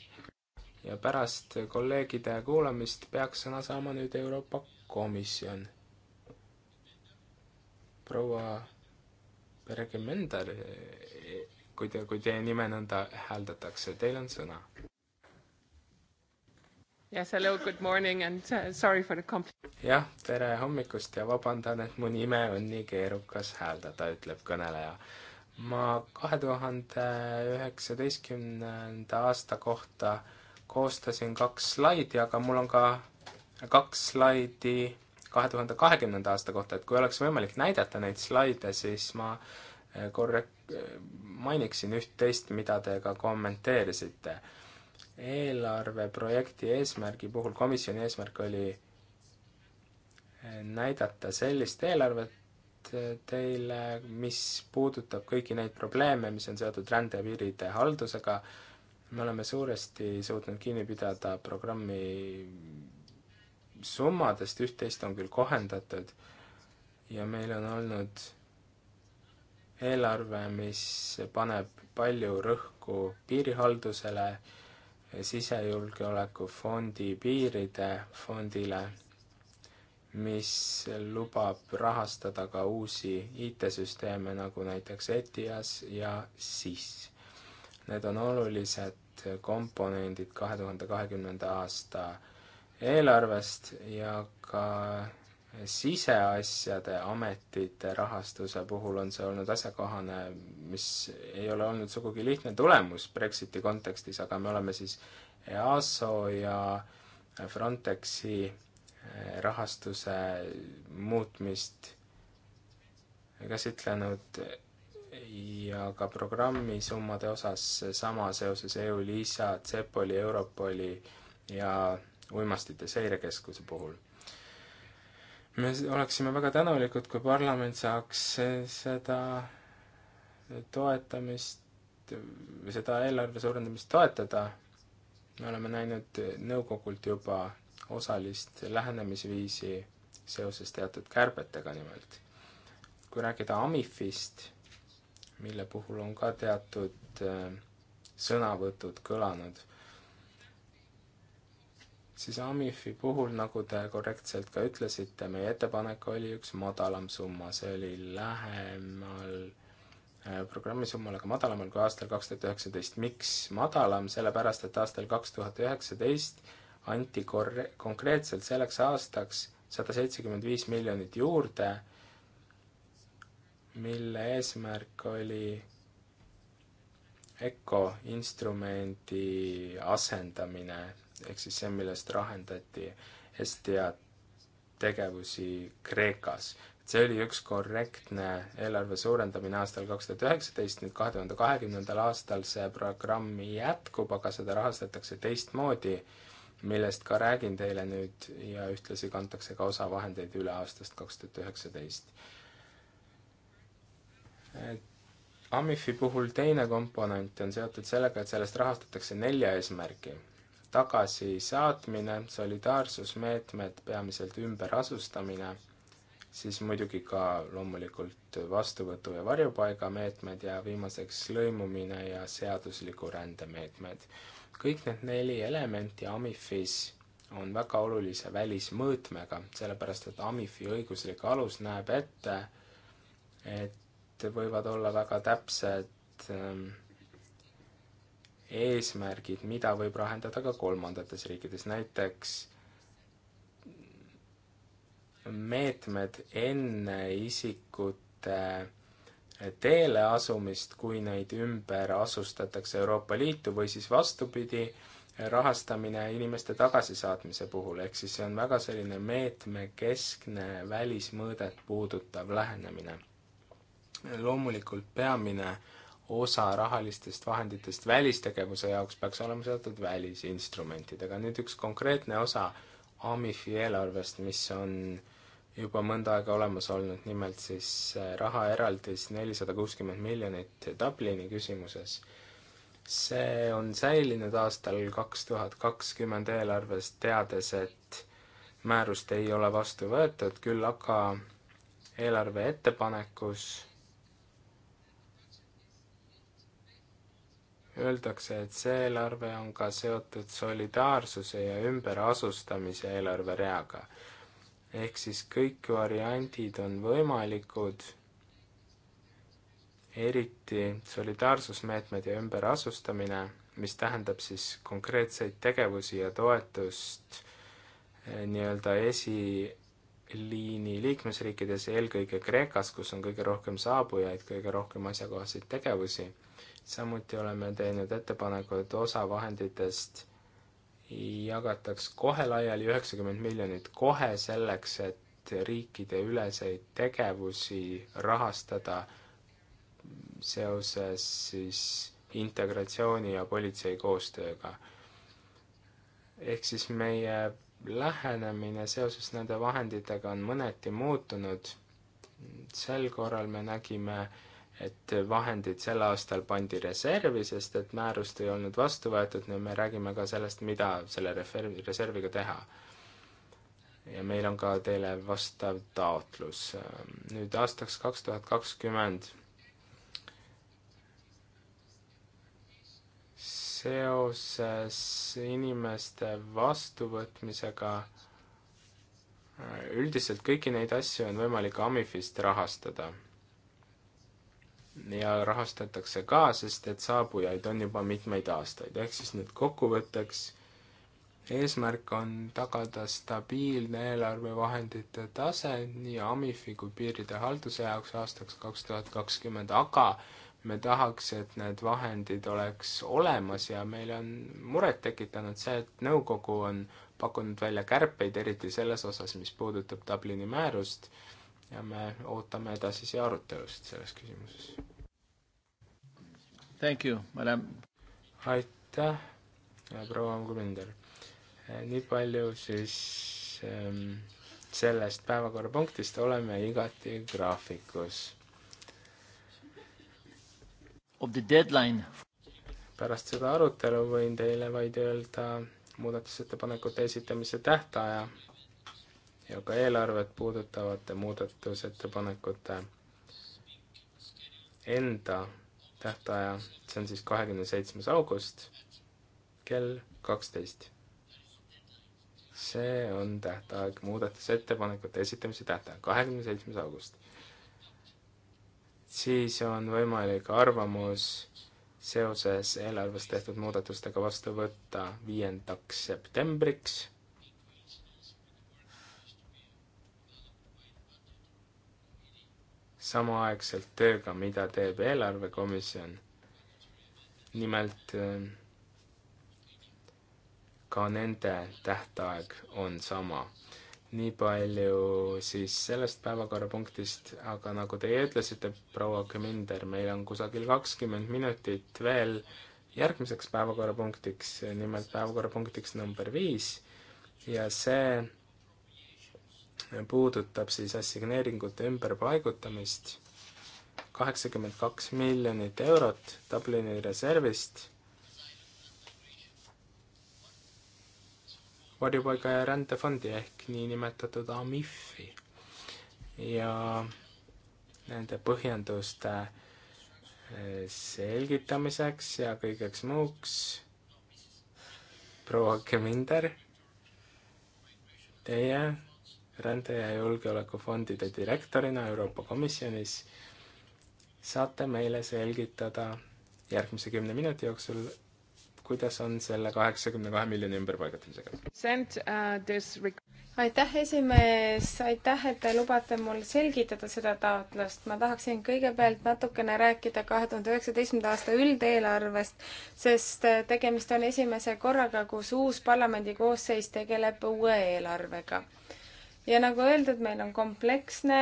ja pärast kolleegide kuulamist peaks sõna saama nüüd Euroopa Komisjon. proua Bergemender eh, kui te, kui teie nime nõnda hääldatakse, teil on sõna. Yes, hello, good morning and uh, sorry for the comp-. jah, tere hommikust ja vabandan, et mu nime on nii keerukas hääldada, ütleb kõneleja. ma kahe tuhande üheksateistkümnenda aasta kohta koostasin kaks slaidi, aga mul on ka kaks slaidi kahe tuhande kahekümnenda aasta kohta, et kui oleks võimalik näidata neid slaide, siis ma äh, korrek-, mainiksin üht-teist, mida te ka kommenteerisite. eelarveprojekti eesmärgi puhul komisjoni eesmärk oli eh, näidata sellist eelarvet eh, teile, mis puudutab kõiki neid probleeme, mis on seotud rändepiiride haldusega, me oleme suuresti suutnud kinni pidada programmi summadest, üht-teist on küll kohendatud ja meil on olnud eelarve, mis paneb palju rõhku piirihaldusele, sisejulgeolekufondi piiride fondile, mis lubab rahastada ka uusi IT-süsteeme, nagu näiteks ETIAS ja SIS. Need on olulised komponendid kahe tuhande kahekümnenda aasta eelarvest ja ka siseasjade ametite rahastuse puhul on see olnud asjakohane, mis ei ole olnud sugugi lihtne tulemus Brexiti kontekstis, aga me oleme siis EASO ja Frontexi eh, rahastuse muutmist käsitlenud ja ka programmisummade osas sama seoses EU-LISA, CEPOL-i, Europoli ja uimastite seirekeskuse puhul me oleksime väga tänulikud, kui parlament saaks seda toetamist, seda eelarve suurendamist toetada. me oleme näinud nõukogult juba osalist lähenemisviisi seoses teatud kärbetega nimelt. kui rääkida Amifist, mille puhul on ka teatud äh, sõnavõtud kõlanud siis Amifi puhul, nagu te korrektselt ka ütlesite, meie ettepanek oli üks madalam summa, see oli lähemal äh, programmi summale, aga madalamal kui aastal kaks tuhat üheksateist. miks madalam, sellepärast et aastal kaks tuhat üheksateist anti korre-, konkreetselt selleks aastaks sada seitsekümmend viis miljonit juurde, mille eesmärk oli ECO instrumendi asendamine ehk siis see, millest rahendati Estia tegevusi Kreekas. see oli üks korrektne eelarve suurendamine aastal kaks tuhat üheksateist, nüüd kahe tuhande kahekümnendal aastal see programm jätkub, aga seda rahastatakse teistmoodi, millest ka räägin teile nüüd ja ühtlasi kantakse ka osa vahendeid üle aastast kaks tuhat üheksateist. Amifi puhul teine komponent on seotud sellega, et sellest rahastatakse nelja eesmärki tagasisaatmine, solidaarsusmeetmed, peamiselt ümberasustamine, siis muidugi ka loomulikult vastuvõtu- ja varjupaigameetmed ja viimaseks lõimumine ja seadusliku rände meetmed. kõik need neli elementi AMIFis on väga olulise välismõõtmega, sellepärast et AMIFi õiguslik alus näeb ette, et võivad olla väga täpsed ähm, eesmärgid, mida võib lahendada ka kolmandates riikides, näiteks meetmed enne isikute teele asumist, kui neid ümber asustatakse Euroopa Liitu või siis vastupidi, rahastamine inimeste tagasisaatmise puhul, ehk siis see on väga selline meetmekeskne välismõõdet puudutav lähenemine. loomulikult peamine äh, osa rahalistest vahenditest välistegevuse jaoks peaks olema seotud välisinstrumentidega. nüüd üks konkreetne osa AMIF-i eelarvest, mis on juba mõnda aega olemas olnud, nimelt siis äh, rahaeraldis nelisada kuuskümmend miljonit Dublini küsimuses. see on säilinud aastal kaks tuhat kakskümmend eelarves, teades, et määrust ei ole vastu võetud, küll aga eelarve ettepanekus öeldakse, et see eelarve on ka seotud solidaarsuse ja ümberasustamise eelarvereaga. ehk siis kõik variandid on võimalikud, eriti solidaarsusmeetmed ja ümberasustamine, mis tähendab siis konkreetseid tegevusi ja toetust eh, nii-öelda esi, liini liikmesriikides, eelkõige Kreekas, kus on kõige rohkem saabujaid, kõige rohkem asjakohaseid tegevusi samuti oleme teinud ettepaneku, et osa vahenditest jagataks kohe laiali, üheksakümmend miljonit kohe selleks, et riikideüleseid tegevusi rahastada seoses siis integratsiooni ja politsei koostööga. ehk siis meie lähenemine seoses nende vahenditega on mõneti muutunud, sel korral me nägime äh, et vahendid sel aastal pandi reservi, sest et määrust ei olnud vastu võetud, nüüd me räägime ka sellest, mida selle reservi, reserviga teha. ja meil on ka teile vastav taotlus. nüüd aastaks kaks tuhat kakskümmend seoses inimeste vastuvõtmisega üldiselt kõiki neid asju on võimalik Amifist rahastada ja rahastatakse ka, sest et saabujaid on juba mitmeid aastaid, ehk siis nüüd kokkuvõtteks eesmärk on tagada stabiilne eelarvevahendite tase nii AMIF-i kui piiride halduse jaoks aastaks kaks tuhat kakskümmend, aga me tahaks, et need vahendid oleks olemas ja meil on muret tekitanud see, et nõukogu on pakkunud välja kärpeid, eriti selles osas, mis puudutab Dublini määrust ja me ootame edasisi arutelusid selles küsimuses. Thank you, madam. aitäh, proua Mugulender. Eh, nii palju siis ähm, sellest päevakorrapunktist oleme igati graafikus. Of the deadline. pärast seda arutelu võin teile vaid öelda muudatusettepanekute esitamise tähtaja ja ka eelarvet puudutavate muudatusettepanekute enda tähtaja, see on siis kahekümne seitsmes august kell kaksteist. see on tähtaeg, muudatusettepanekute esitamise tähtaeg, kahekümne seitsmes august. siis on võimalik arvamus seoses eelarves tehtud muudatustega vastu võtta viiendaks septembriks samaaegselt tööga, mida teeb eelarvekomisjon. nimelt äh, ka nende tähtaeg on sama. nii palju siis sellest päevakorrapunktist, aga nagu teie ütlesite, proua Keminder, meil on kusagil kakskümmend minutit veel järgmiseks päevakorrapunktiks, nimelt päevakorrapunktiks number viis ja see puudutab siis assigneeringute ümberpaigutamist, kaheksakümmend kaks miljonit eurot Dublini reservist varjupaiga ja rändefondi ehk niinimetatud AMIF-i ja nende põhjenduste eh, selgitamiseks ja kõigeks muuks proua Keminder, teie rände- ja julgeolekufondide direktorina Euroopa Komisjonis saate meile selgitada järgmise kümne minuti jooksul, kuidas on selle kaheksakümne kahe miljoni ümberpaigutamisega? Uh, aitäh, esimees, aitäh, et te lubate mul selgitada seda taotlust. ma tahaksin kõigepealt natukene rääkida kahe tuhande üheksateistkümnenda aasta üldeelarvest, sest äh, tegemist on esimese korraga, kus uus parlamendi koosseis tegeleb uue eelarvega ja nagu öeldud, meil on kompleksne,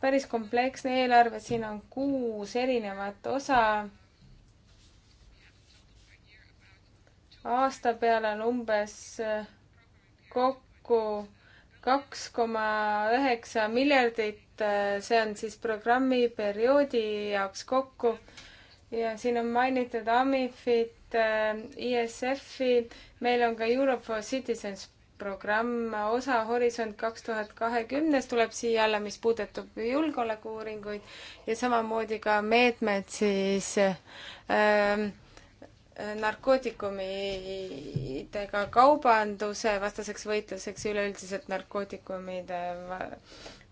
päris kompleksne eelarve, siin on kuus erinevat osa. aasta peale on umbes äh, kokku kaks koma üheksa miljardit, äh, see on siis programmi perioodi jaoks kokku. ja siin on mainitud Amifit, äh, ISF-i, meil on ka Europe for Citizens programm osa Horisont kaks tuhat kahekümnes tuleb siia alla, mis puudutab julgeolekuuuringuid ja samamoodi ka meetmed siis ähm, narkootikumidega kaubanduse vastaseks võitluseks ja üleüldiselt narkootikumide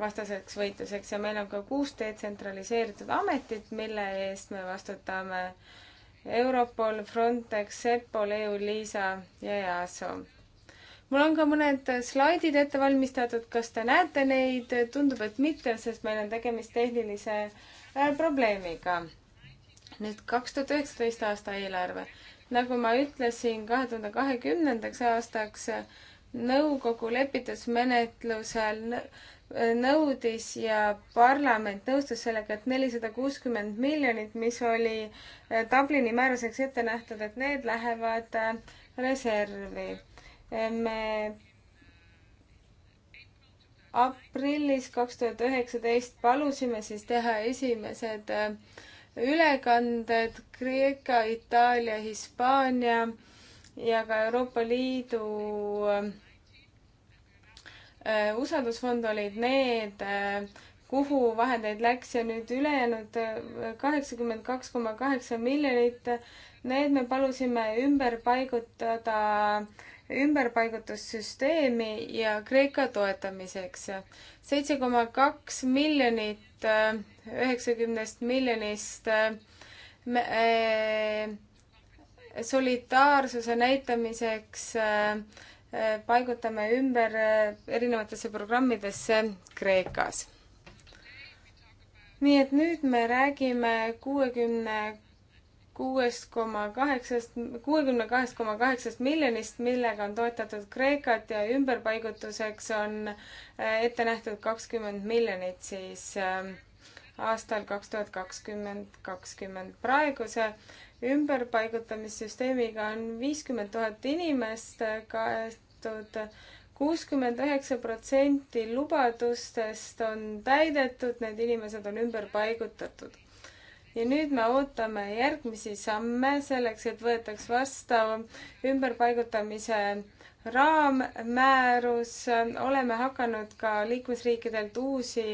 vastaseks võitluseks ja meil on ka kuus detsentraliseeritud ametit, mille eest me vastutame. Europol, Frontex, Sepol, EU-LISA ja EASO mul on ka mõned slaidid ette valmistatud, kas te näete neid? tundub, et mitte, sest meil on tegemist tehnilise äh, probleemiga. nüüd kaks tuhat üheksateist aasta eelarve. nagu ma ütlesin, kahe tuhande kahekümnendaks aastaks nõukogu lepitusmenetlusel nõudis ja parlament nõustus sellega, et nelisada kuuskümmend miljonit, mis oli äh, Dublini määruseks ette nähtud, et need lähevad äh, reservi me aprillis kaks tuhat üheksateist palusime siis teha esimesed äh, ülekanded Kreeka, Itaalia, Hispaania ja ka Euroopa Liidu äh, usaldusfond olid need, äh, kuhu vahendeid läks ja nüüd ülejäänud kaheksakümmend kaks koma kaheksa miljonit, need me palusime ümber paigutada äh, ümberpaigutussüsteemi ja Kreeka toetamiseks. seitse koma kaks miljonit äh, üheksakümnest miljonist äh, äh, solidaarsuse näitamiseks paigutame ümber erinevatesse programmidesse Kreekas nii et nüüd me räägime kuuekümne kuuest koma kaheksast, kuuekümne kahest koma kaheksast miljonist, millega on toetatud Kreekat ja ümberpaigutuseks on äh, ette nähtud kakskümmend miljonit siis äh, aastal kaks tuhat kakskümmend, kakskümmend. praeguse ümberpaigutamissüsteemiga on viiskümmend tuhat inimest kaetud, kuuskümmend üheksa protsenti lubadustest on täidetud, need inimesed on ümber paigutatud ja nüüd me ootame järgmisi samme selleks, et võetaks vastav ümberpaigutamise raammäärus, oleme hakanud ka liikmesriikidelt uusi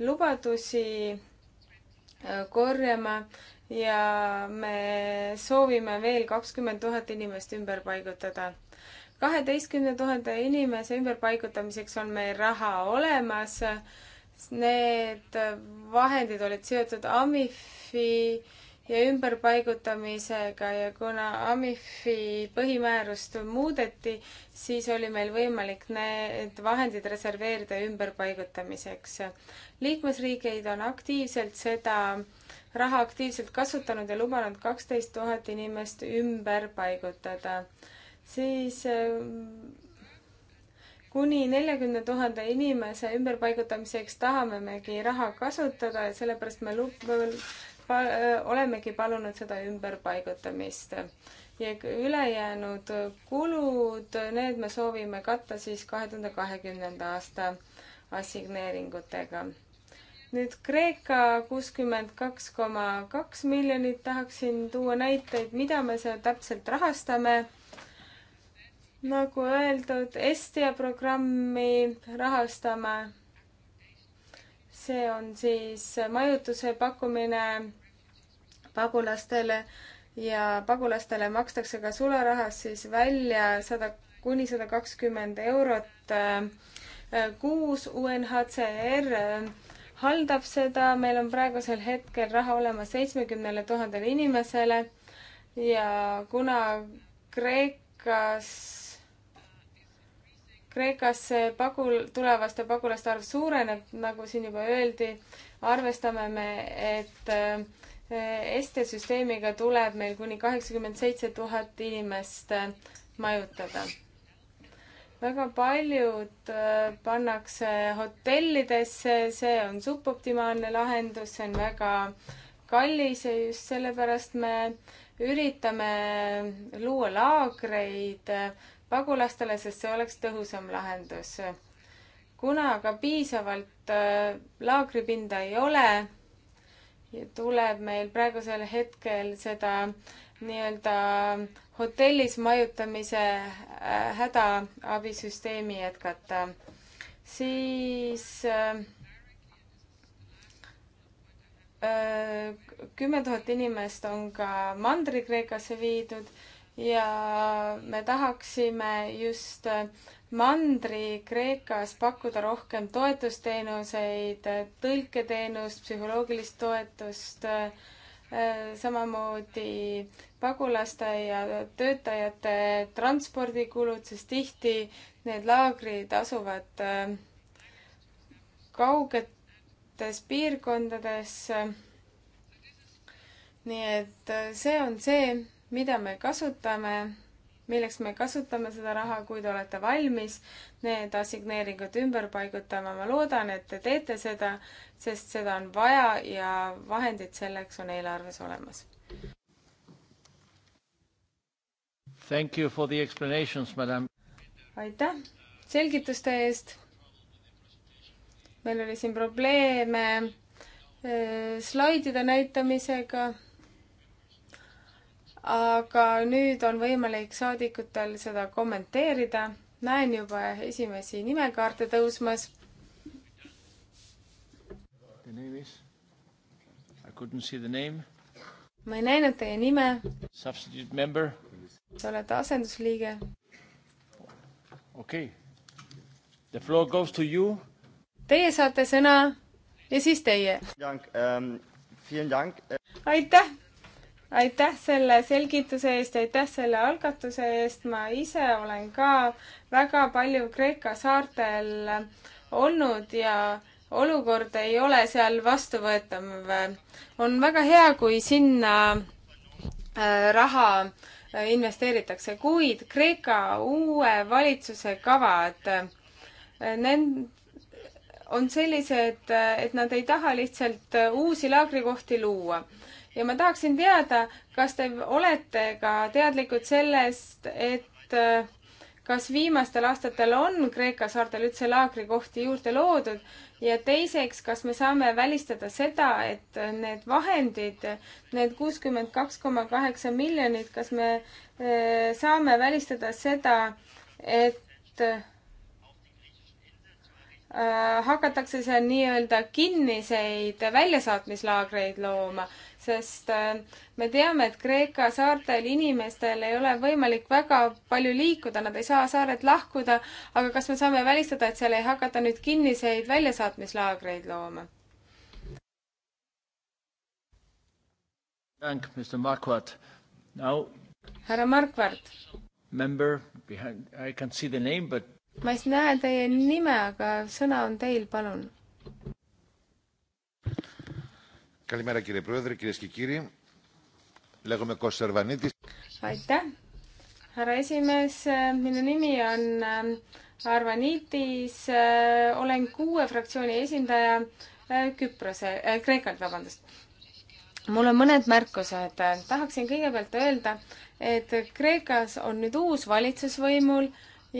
lubadusi äh, korjama ja me soovime veel kakskümmend tuhat inimest ümber paigutada. kaheteistkümne tuhande inimese ümberpaigutamiseks on meil raha olemas Need vahendid olid seotud AMIF-i ja ümberpaigutamisega ja kuna AMIF-i põhimäärust muudeti, siis oli meil võimalik need vahendid reserveerida ümberpaigutamiseks. liikmesriigid on aktiivselt seda raha aktiivselt kasutanud ja lubanud kaksteist tuhat inimest ümber paigutada. siis kuni neljakümne tuhande inimese ümberpaigutamiseks tahame megi raha kasutada ja sellepärast me äh, olemegi palunud seda ümberpaigutamist. ja ülejäänud kulud, need me soovime katta siis kahe tuhande kahekümnenda aasta assigneeringutega. nüüd Kreeka kuuskümmend kaks koma kaks miljonit tahaksin tuua näiteid, mida me seal täpselt rahastame nagu öeldud, Estia programmi rahastame. see on siis majutuse pakkumine pagulastele ja pagulastele makstakse ka sularahas siis välja sada kuni sada kakskümmend eurot äh, kuus. UNHCR äh, haldab seda, meil on praegusel hetkel raha olemas seitsmekümnele tuhandele inimesele ja kuna Kreekas Kreekasse pagul-, tulevaste pagulaste arv suureneb, nagu siin juba öeldi, arvestame me, et äh, este süsteemiga tuleb meil kuni kaheksakümmend seitse tuhat inimest äh, majutada. väga paljud äh, pannakse hotellidesse, see on suboptimaalne lahendus, see on väga kallis ja just sellepärast me üritame luua laagreid pagulastele, sest see oleks tõhusam lahendus. kuna aga piisavalt äh, laagripinda ei ole, tuleb meil praegusel hetkel seda nii-öelda hotellis majutamise äh, hädaabisüsteemi jätkata, siis äh, kümme tuhat inimest on ka Mandri-Kreekasse viidud ja me tahaksime just äh, Mandri-Kreekas pakkuda rohkem toetusteenuseid, tõlketeenust, psühholoogilist toetust, äh, samamoodi pagulaste ja töötajate transpordikulud, sest tihti need laagrid asuvad äh, kaugetes piirkondades. nii et see on see, mida me kasutame, milleks me kasutame seda raha, kui te olete valmis need assigneeringud ümber paigutama. ma loodan, et te teete seda, sest seda on vaja ja vahendid selleks on eelarves olemas. Thank you for the explanations, madam. aitäh selgituste eest. meil oli siin probleeme eh, slaidide näitamisega aga nüüd on võimalik saadikutel seda kommenteerida. näen juba esimesi nimekaarte tõusmas. ma ei näinud teie nime. Te olete asendusliige. okei okay.. The floor goes to you. Teie saate sõna ja siis teie. Ähm, aitäh aitäh selle selgituse eest ja aitäh selle algatuse eest. ma ise olen ka väga palju Kreeka saartel olnud ja olukord ei ole seal vastuvõetav. on väga hea, kui sinna äh, raha äh, investeeritakse, kuid Kreeka uue valitsuse kavad, äh, nend-, on sellised, et nad ei taha lihtsalt uusi laagrikohti luua ja ma tahaksin teada, kas te olete ka teadlikud sellest, et äh, kas viimastel aastatel on Kreeka saartel üldse laagrikohti juurde loodud ja teiseks, kas me saame välistada seda, et need vahendid, need kuuskümmend kaks koma kaheksa miljonit, kas me äh, saame välistada seda, et äh, hakatakse seal nii-öelda kinniseid väljasaatmislaagreid looma sest äh, me teame, et Kreeka saartel inimestel ei ole võimalik väga palju liikuda, nad ei saa saarelt lahkuda, aga kas me saame välistada, et seal ei hakata nüüd kinniseid väljasaatmislaagreid looma? Thank Mr Marquardt. Now härra Markvard. Member behind, I can see the name but ma ei näe teie nime, aga sõna on teil, palun. Καλημέρα κύριε Πρόεδρε, κυρίε και κύριοι. Λέγομαι Κώστα Αρβανίτη. Aitäh, härra esimees, äh, minu nimi on äh, Arvanitis, äh, olen kuue fraktsiooni esindaja Küprose äh,, Kreekalt, vabandust. mul on mõned märkused. tahaksin kõigepealt öelda, et Kreekas on nüüd uus valitsus võimul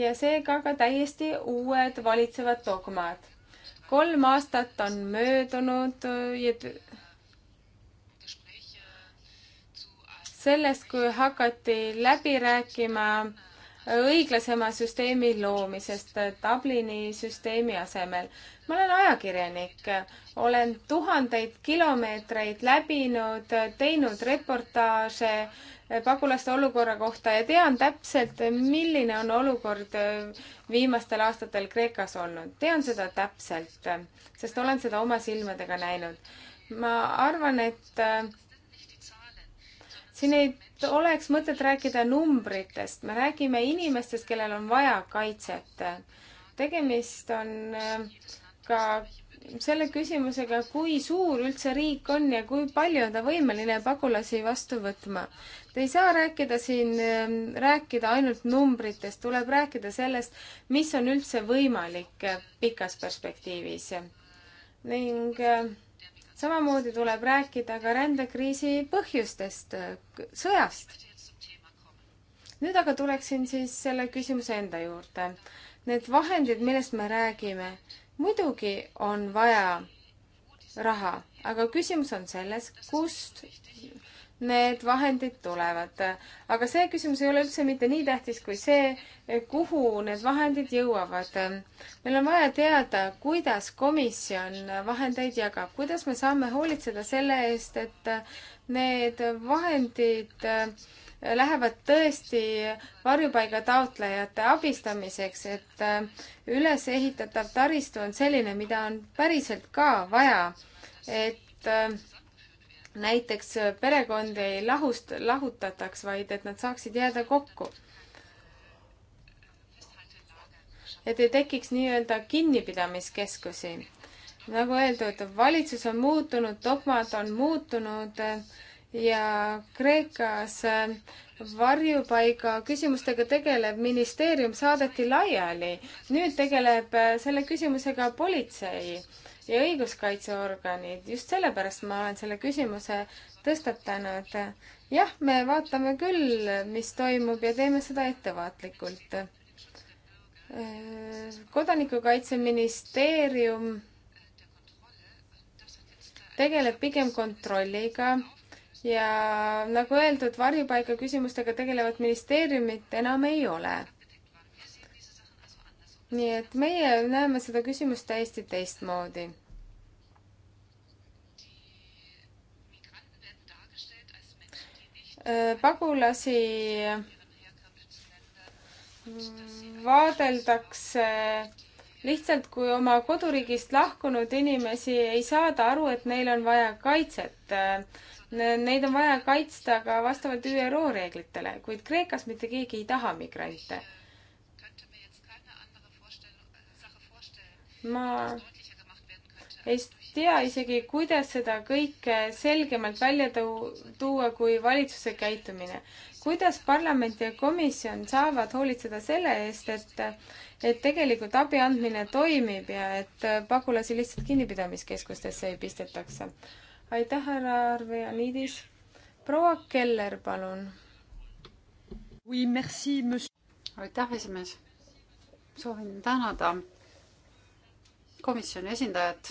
ja seega ka täiesti uued valitsevad dogmad. kolm aastat on möödunud ja sellest, kui hakati läbi rääkima õiglasema süsteemi loomisest Dublini süsteemi asemel. ma olen ajakirjanik, olen tuhandeid kilomeetreid läbinud, teinud reportaaže pagulaste olukorra kohta ja tean täpselt, milline on olukord viimastel aastatel Kreekas olnud. tean seda täpselt, sest olen seda oma silmadega näinud. ma arvan, et siin ei oleks mõtet rääkida numbritest, me räägime inimestest, kellel on vaja kaitset. tegemist on äh, ka selle küsimusega, kui suur üldse riik on ja kui palju on ta võimeline pagulasi vastu võtma. Te ei saa rääkida siin, äh, rääkida ainult numbritest, tuleb rääkida sellest, mis on üldse võimalik äh, pikas perspektiivis. ning äh, samamoodi tuleb rääkida ka rändekriisi põhjustest, sõjast. nüüd aga tuleksin siis selle küsimuse enda juurde. Need vahendid, millest me räägime, muidugi on vaja raha, aga küsimus on selles, kust need vahendid tulevad. aga see küsimus ei ole üldse mitte nii tähtis kui see, kuhu need vahendid jõuavad. meil on vaja teada, kuidas komisjon vahendeid jagab, kuidas me saame hoolitseda selle eest, et need vahendid lähevad tõesti varjupaiga taotlejate abistamiseks, et üles ehitatav taristu on selline, mida on päriselt ka vaja, et näiteks perekondi ei lahust-, lahutataks, vaid et nad saaksid jääda kokku. et ei tekiks nii-öelda kinnipidamiskeskusi. nagu öeldud, valitsus on muutunud, dogmad on muutunud ja Kreekas varjupaiga küsimustega tegelev ministeerium saadeti laiali. nüüd tegeleb selle küsimusega politsei ja õiguskaitseorganid, just sellepärast ma olen selle küsimuse tõstatanud. jah, me vaatame küll, mis toimub ja teeme seda ettevaatlikult. Äh, kodanikukaitseministeerium tegeleb pigem kontrolliga ja nagu öeldud, varjupaiga küsimustega tegelevat ministeeriumit enam ei ole nii et meie näeme seda küsimust täiesti teistmoodi äh, pagulasi vaadeldakse lihtsalt kui oma koduriigist lahkunud inimesi, ei saada aru, et neil on vaja kaitset. Äh, neid on vaja kaitsta ka vastavalt ÜRO reeglitele, kuid Kreekas mitte keegi ei taha migrante ma ei tea isegi, kuidas seda kõike selgemalt välja tuua kui valitsuse käitumine. kuidas parlament ja komisjon saavad hoolitseda selle eest, et, et tegelikult abi andmine toimib ja et pagulasi lihtsalt kinnipidamiskeskustesse ei pistetaks? aitäh, härra Arveanidis. proua Keller, palun. aitäh, esimees. soovin tänada komisjoni esindajat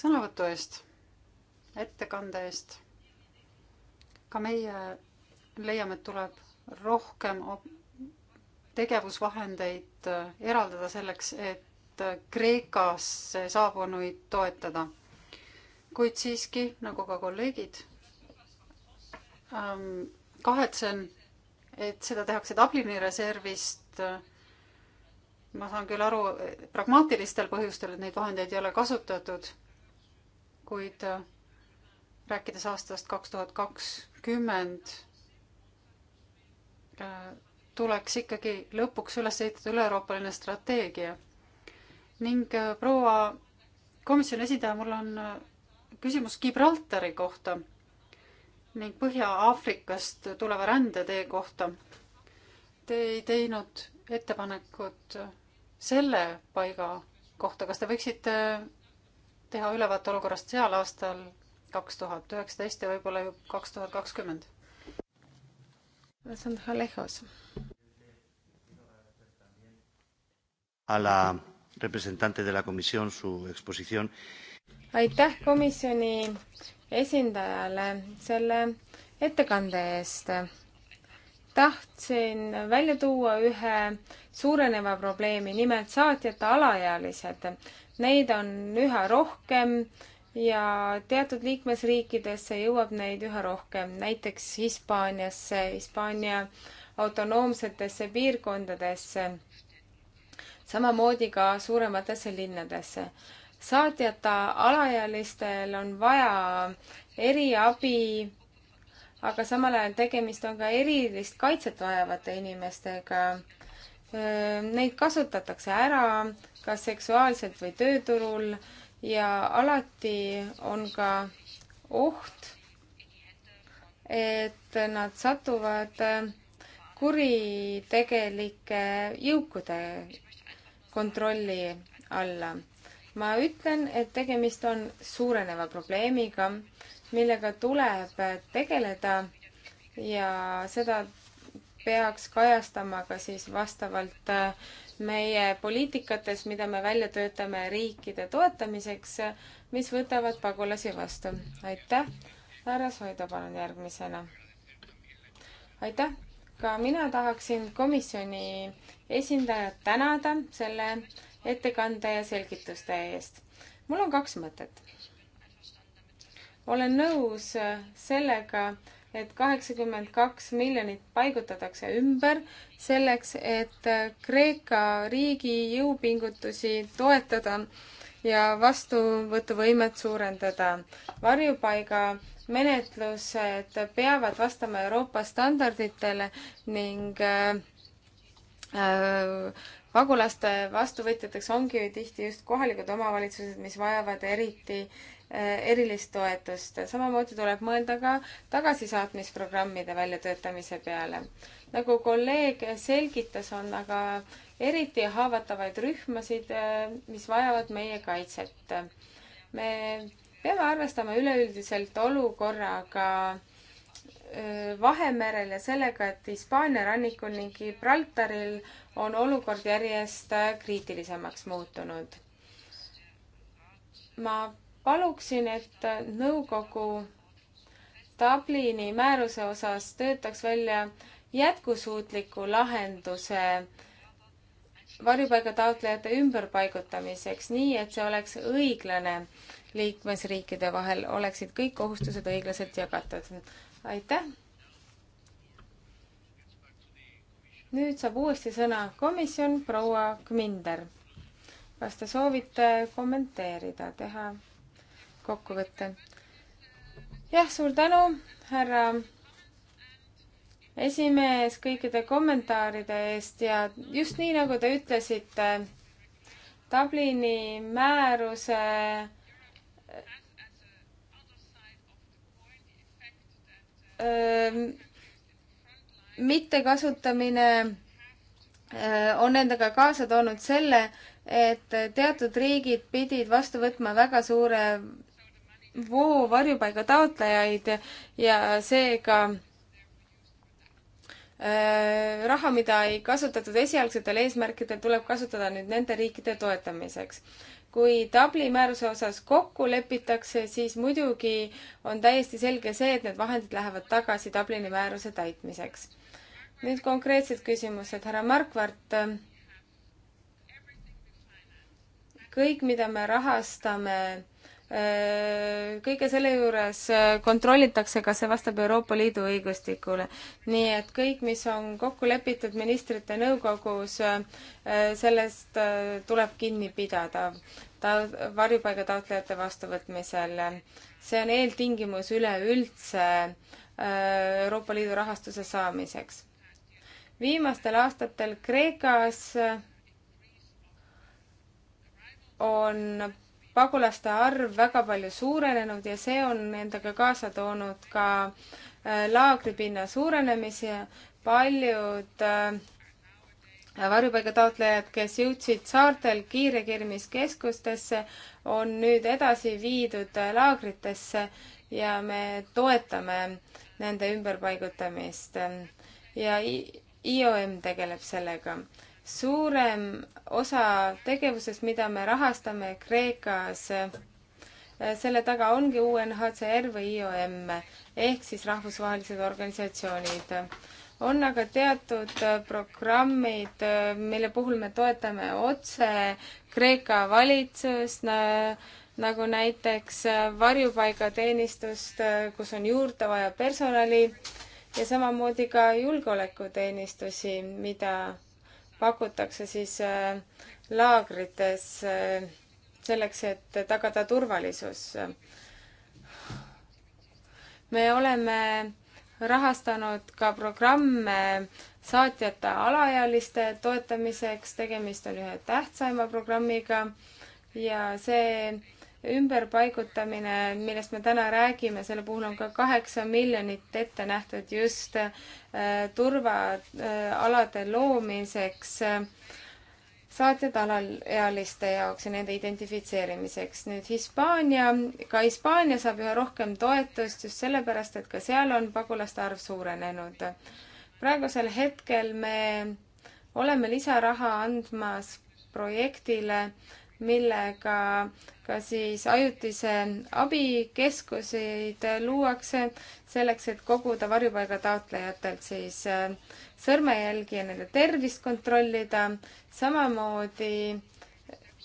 sõnavõtu eest, ettekande eest. ka meie leiame, et tuleb rohkem tegevusvahendeid äh, eraldada selleks, et äh, Kreekasse saabunuid toetada. kuid siiski, nagu ka kolleegid, ähm, kahetsen, et seda tehakse Dublini reservist äh, ma saan küll aru pragmaatilistel põhjustel, et neid vahendeid ei ole kasutatud, kuid äh, rääkides aastast kaks tuhat kakskümmend, äh, tuleks ikkagi lõpuks üles ehitada üle-euroopaline strateegia. ning äh, proua komisjoni esindaja, mul on küsimus Gibraltari kohta ning Põhja-Aafrikast tuleva rändetee kohta. Te ei teinud ettepanekut selle paiga kohta, kas te võiksite teha ülevaate olukorrast seal aastal kaks tuhat üheksateist ja võib-olla kaks tuhat kakskümmend? Alessandra Lejos. A la representante de la comisión su exposición. aitäh komisjoni esindajale selle ettekande eest tahtsin välja tuua ühe suureneva probleemi, nimelt saatjate alaealised. Neid on üha rohkem ja teatud liikmesriikidesse jõuab neid üha rohkem, näiteks Hispaaniasse, Hispaania autonoomsetesse piirkondadesse, samamoodi ka suurematesse linnadesse. saatjata alaealistel on vaja eriabi aga samal ajal tegemist on ka erilist kaitset vajavate inimestega. Neid kasutatakse ära kas seksuaalselt või tööturul ja alati on ka oht, et nad satuvad kuritegelike jõukude kontrolli alla. ma ütlen, et tegemist on suureneva probleemiga millega tuleb tegeleda ja seda peaks kajastama ka siis vastavalt äh, meie poliitikates, mida me välja töötame riikide toetamiseks, mis võtavad pagulasi vastu. aitäh, härra Soido, palun järgmisena. aitäh, ka mina tahaksin komisjoni esindajat tänada selle ettekande ja selgituste eest. mul on kaks mõtet olen nõus äh, sellega, et kaheksakümmend kaks miljonit paigutatakse ümber selleks, et äh, Kreeka riigi jõupingutusi toetada ja vastuvõtuvõimet suurendada. varjupaiga menetlused peavad vastama Euroopa standarditele ning äh, äh pagulaste vastuvõtjateks ongi ju tihti just kohalikud omavalitsused, mis vajavad eriti Äh, erilist toetust. samamoodi tuleb mõelda ka tagasisaatmisprogrammide väljatöötamise peale. nagu kolleeg selgitas, on aga eriti haavatavaid rühmasid, äh, mis vajavad meie kaitset. me peame arvestama üleüldiselt olukorraga äh, Vahemerel ja sellega, et Hispaania rannikul ning Gibraltaril on olukord järjest kriitilisemaks muutunud. ma paluksin, et nõukogu Dublini määruse osas töötaks välja jätkusuutliku lahenduse varjupaigataotlejate ümberpaigutamiseks, nii et see oleks õiglane liikmesriikide vahel, oleksid kõik kohustused õiglaselt jagatud. aitäh! nüüd saab uuesti sõna komisjon proua Kminder. kas te soovite kommenteerida, teha kokkuvõtte. jah, suur tänu, härra esimees kõikide kommentaaride eest ja just nii, nagu te ütlesite, Dublini määruse mittekasutamine on endaga kaasa toonud selle, et teatud riigid pidid vastu võtma väga suure voo varjupaiga taotlejaid ja seega äh, raha, mida ei kasutatud esialgsetel eesmärkidel, tuleb kasutada nüüd nende riikide toetamiseks. kui tabli määruse osas kokku lepitakse, siis muidugi on täiesti selge see, et need vahendid lähevad tagasi Dublini määruse täitmiseks. nüüd konkreetsed küsimused, härra Markvart. kõik, mida me rahastame Äh, kõige selle juures äh, kontrollitakse, kas see vastab Euroopa Liidu õigustikule. nii et kõik, mis on kokku lepitud ministrite nõukogus, äh, sellest tuleb kinni pidada ta-, varjupaigataotlejate vastuvõtmisel. see on eeltingimus üleüldse Euroopa Liidu rahastuse saamiseks. viimastel aastatel Kreekas on pagulaste arv väga palju suurenenud ja see on endaga kaasa toonud ka äh, laagripinna suurenemise. paljud äh, varjupaigataotlejad, kes jõudsid saartel kiirreageerimiskeskustesse, on nüüd edasi viidud äh, laagritesse ja me toetame nende ümberpaigutamist ja IOM tegeleb sellega suurem osa tegevusest, mida me rahastame Kreekas, äh, selle taga ongi UNHCR või IOM ehk siis rahvusvahelised organisatsioonid. on aga teatud äh, programmid, äh, mille puhul me toetame otse Kreeka valitsust, nagu näiteks varjupaigateenistust, kus on juurde vaja personali ja samamoodi ka julgeolekuteenistusi, mida pakutakse siis äh, laagrites äh, selleks, et tagada turvalisus. me oleme rahastanud ka programme saatjate alaealiste toetamiseks, tegemist on ühe tähtsaima programmiga ja see ümberpaigutamine, millest me täna räägime, selle puhul on ka kaheksa miljonit ette nähtud just äh, turvaalade äh, loomiseks äh, saatjad alaealiste jaoks ja nende identifitseerimiseks. nüüd Hispaania, ka Hispaania saab üha rohkem toetust just sellepärast, et ka seal on pagulaste arv suurenenud. praegusel hetkel me oleme lisaraha andmas projektile äh, millega ka siis ajutise abikeskuseid luuakse selleks, et koguda varjupaiga taotlejatelt siis äh, sõrmejälgi ja nende tervist kontrollida. samamoodi äh,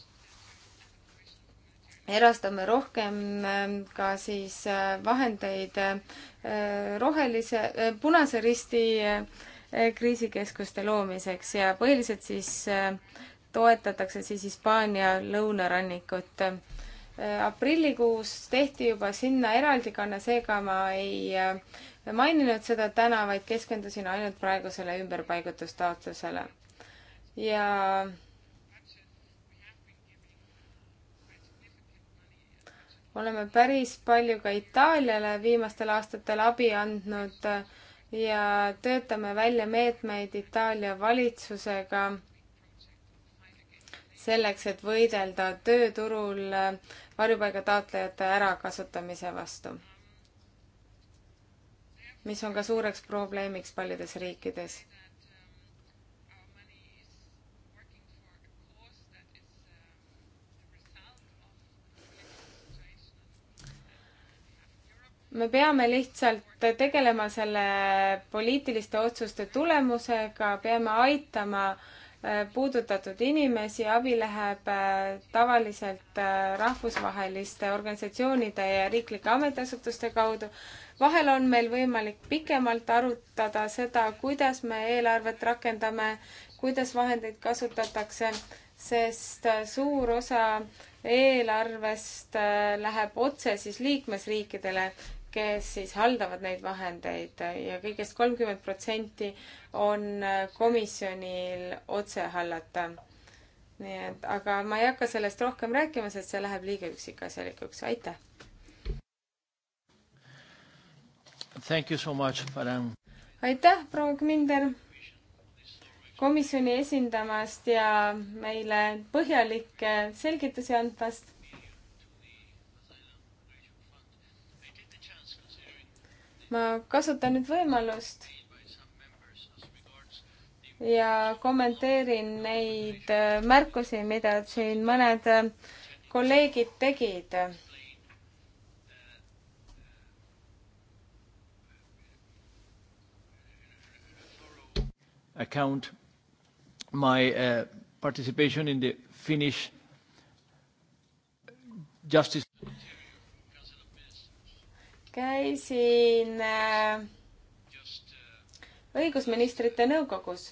erastame rohkem äh, ka siis vahendeid rohelise, punase risti kriisikeskuste loomiseks ja põhiliselt siis toetatakse siis Hispaania lõunarannikut. Äh, aprillikuus tehti juba sinna eraldi kanne, seega ma ei äh, maininud seda täna, vaid keskendusin ainult praegusele ümberpaigutustaotlusele. ja oleme päris palju ka Itaaliale viimastel aastatel abi andnud äh, ja töötame välja meetmeid Itaalia valitsusega selleks, et võidelda tööturul varjupaigataotlejate ärakasutamise vastu, mis on ka suureks probleemiks paljudes riikides. me peame lihtsalt tegelema selle poliitiliste otsuste tulemusega, peame aitama äh, Äh, puudutatud inimesi, abi läheb äh, tavaliselt äh, rahvusvaheliste organisatsioonide ja riiklike ametiasutuste kaudu. vahel on meil võimalik pikemalt arutada seda, kuidas me eelarvet rakendame, kuidas vahendeid kasutatakse, sest suur osa eelarvest läheb otse siis liikmesriikidele kes siis haldavad neid vahendeid ja kõigest kolmkümmend protsenti on äh, komisjonil otse hallata. nii et, aga ma ei hakka sellest rohkem rääkima, sest see läheb liiga üksikasjalikuks, aitäh. Thank you so much, madam. aitäh, proua Kminder, komisjoni esindamast ja meile põhjalikke selgitusi andmast ma kasutan nüüd võimalust ja kommenteerin neid äh, märkusi, mida siin mõned äh, kolleegid tegid. Account my uh, participation in the Finnish uh, justice käisin äh, õigusministrite nõukogus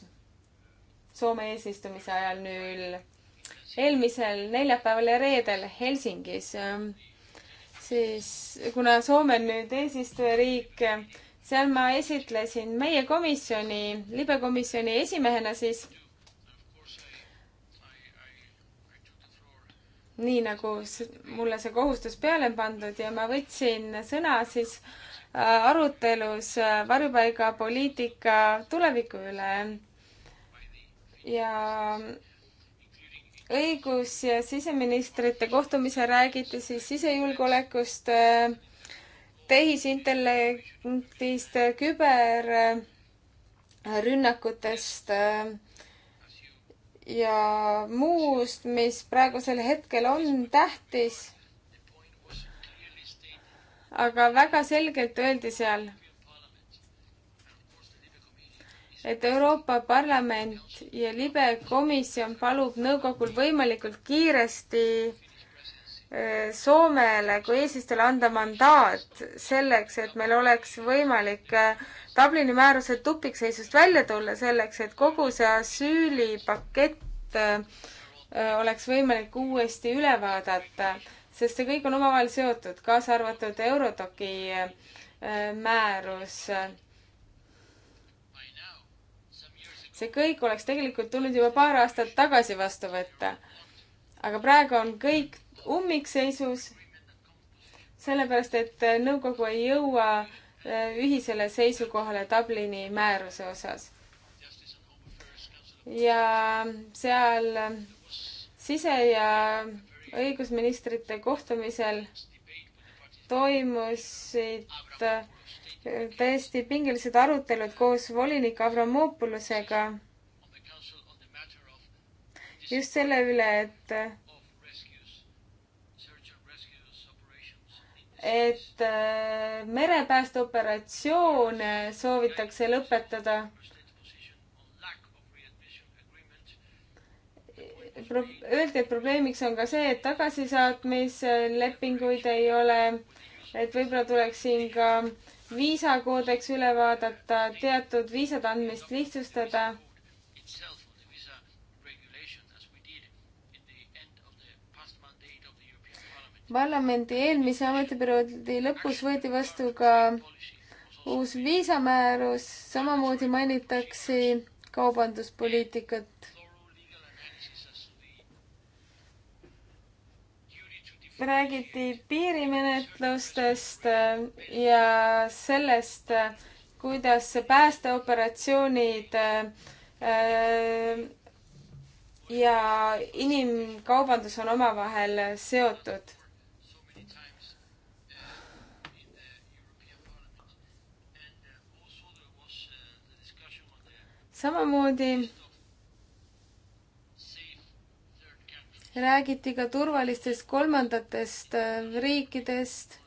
Soome eesistumise ajal nüüd eelmisel neljapäeval ja reedel Helsingis, ähm, siis kuna Soome on nüüd eesistujariik, seal ma esitlesin meie komisjoni, libekomisjoni esimehena siis nii nagu mulle see kohustus peale on pandud ja ma võtsin sõna siis äh, arutelus äh, varjupaigapoliitika tuleviku üle. ja õigus- ja siseministrite kohtumisel räägiti siis sisejulgeolekust, tehisintellektist, küberrünnakutest äh, äh ja muust, mis praegusel hetkel on tähtis. aga väga selgelt öeldi seal, et Euroopa Parlament ja libe komisjon palub nõukogul võimalikult kiiresti Äh, Soomele kui eesistujale anda mandaat selleks, et meil oleks võimalik äh, Dublini määruse tupikseisust välja tulla, selleks et kogu see asüülipakett äh, oleks võimalik uuesti üle vaadata, sest see kõik on omavahel seotud, kaasa arvatud Eurodoki määrus. see kõik oleks tegelikult tulnud juba paar aastat tagasi vastu võtta. aga praegu on kõik ummikseisus, sellepärast et äh, nõukogu ei jõua äh, ühisele seisukohale Dublini määruse osas. ja seal äh, sise- ja õigusministrite kohtumisel toimusid täiesti pingelised arutelud koos volinik Avramopoulosega just selle üle, et et äh, merepäästeoperatsioone äh, soovitakse lõpetada pro-, öeldi, et probleemiks on ka see, et tagasisaatmislepinguid ei ole, et võib-olla tuleks siin ka viisakoodeks üle vaadata, teatud viisade andmist lihtsustada. parlamendi eelmise ametiperioodi lõpus võeti vastu ka uus viisamäärus, samamoodi mainitakse kaubanduspoliitikat. räägiti piirimenetlustest ja sellest, kuidas päästeoperatsioonid äh, ja inimkaubandus on omavahel seotud samamoodi räägiti ka turvalistest kolmandatest äh, riikidest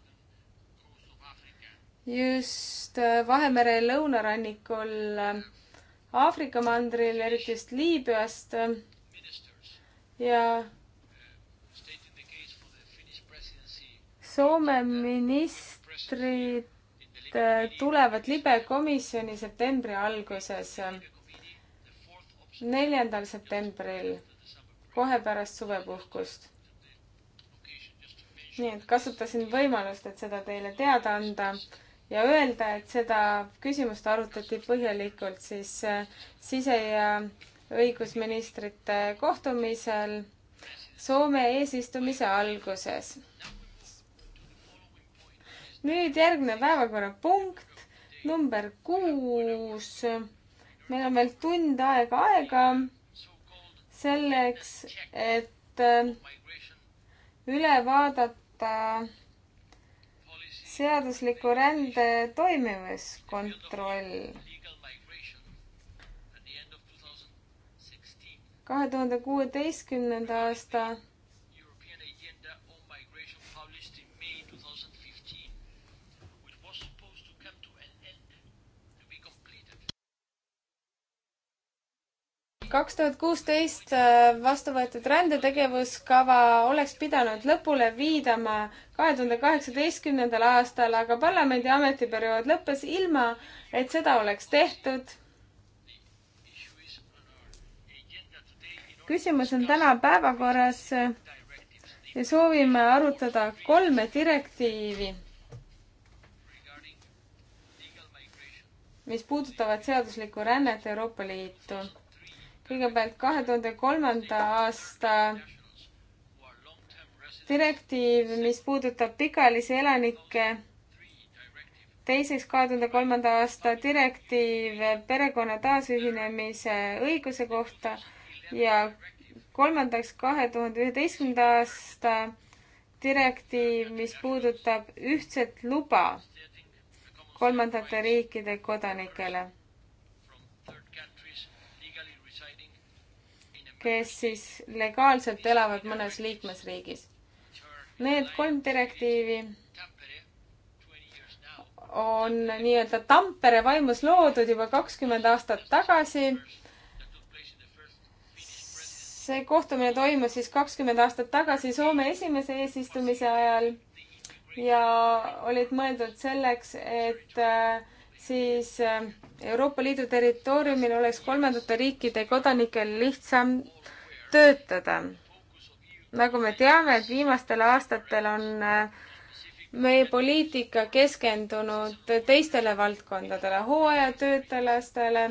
just äh, Vahemere lõunarannikul äh, Aafrika mandril, eriti just Liibüast ja Soome ministrid tulevad libekomisjoni septembri alguses neljandal septembril, kohe pärast suvepuhkust. nii et kasutasin võimalust, et seda teile teada anda ja öelda, et seda küsimust arutati põhjalikult siis äh, sise- ja õigusministrite kohtumisel Soome eesistumise alguses. nüüd järgmine päevakorrapunkt number kuus meil on veel tund aega aega selleks, et äh, üle vaadata seadusliku rände toimimiskontroll. kahe tuhande kuueteistkümnenda aasta kaks tuhat kuusteist äh, vastu võetud rändetegevuskava oleks pidanud lõpule viidama kahe tuhande kaheksateistkümnendal aastal, aga parlamendi ametiperiood lõppes ilma, et seda oleks tehtud. küsimus on täna päevakorras ja soovime arutada kolme direktiivi, mis puudutavad seaduslikku rännet Euroopa Liitu kõigepealt kahe tuhande kolmanda aasta direktiiv, mis puudutab pikaajalisi elanikke. teiseks kahe tuhande kolmanda aasta direktiiv perekonna taasühinemise õiguse kohta ja kolmandaks kahe tuhande üheteistkümnenda aasta direktiiv, mis puudutab ühtset luba kolmandate riikide kodanikele kes siis legaalselt elavad mõnes liikmesriigis. Need kolm direktiivi on nii-öelda Tampere vaimus loodud juba kakskümmend aastat tagasi. see kohtumine toimus siis kakskümmend aastat tagasi Soome esimese eesistumise ajal ja olid mõeldud selleks, et äh, siis äh, Euroopa Liidu territooriumil oleks kolmandate riikide kodanikel lihtsam töötada. nagu me teame, et viimastel aastatel on äh, meie poliitika keskendunud teistele valdkondadele, hooajatöötajatele,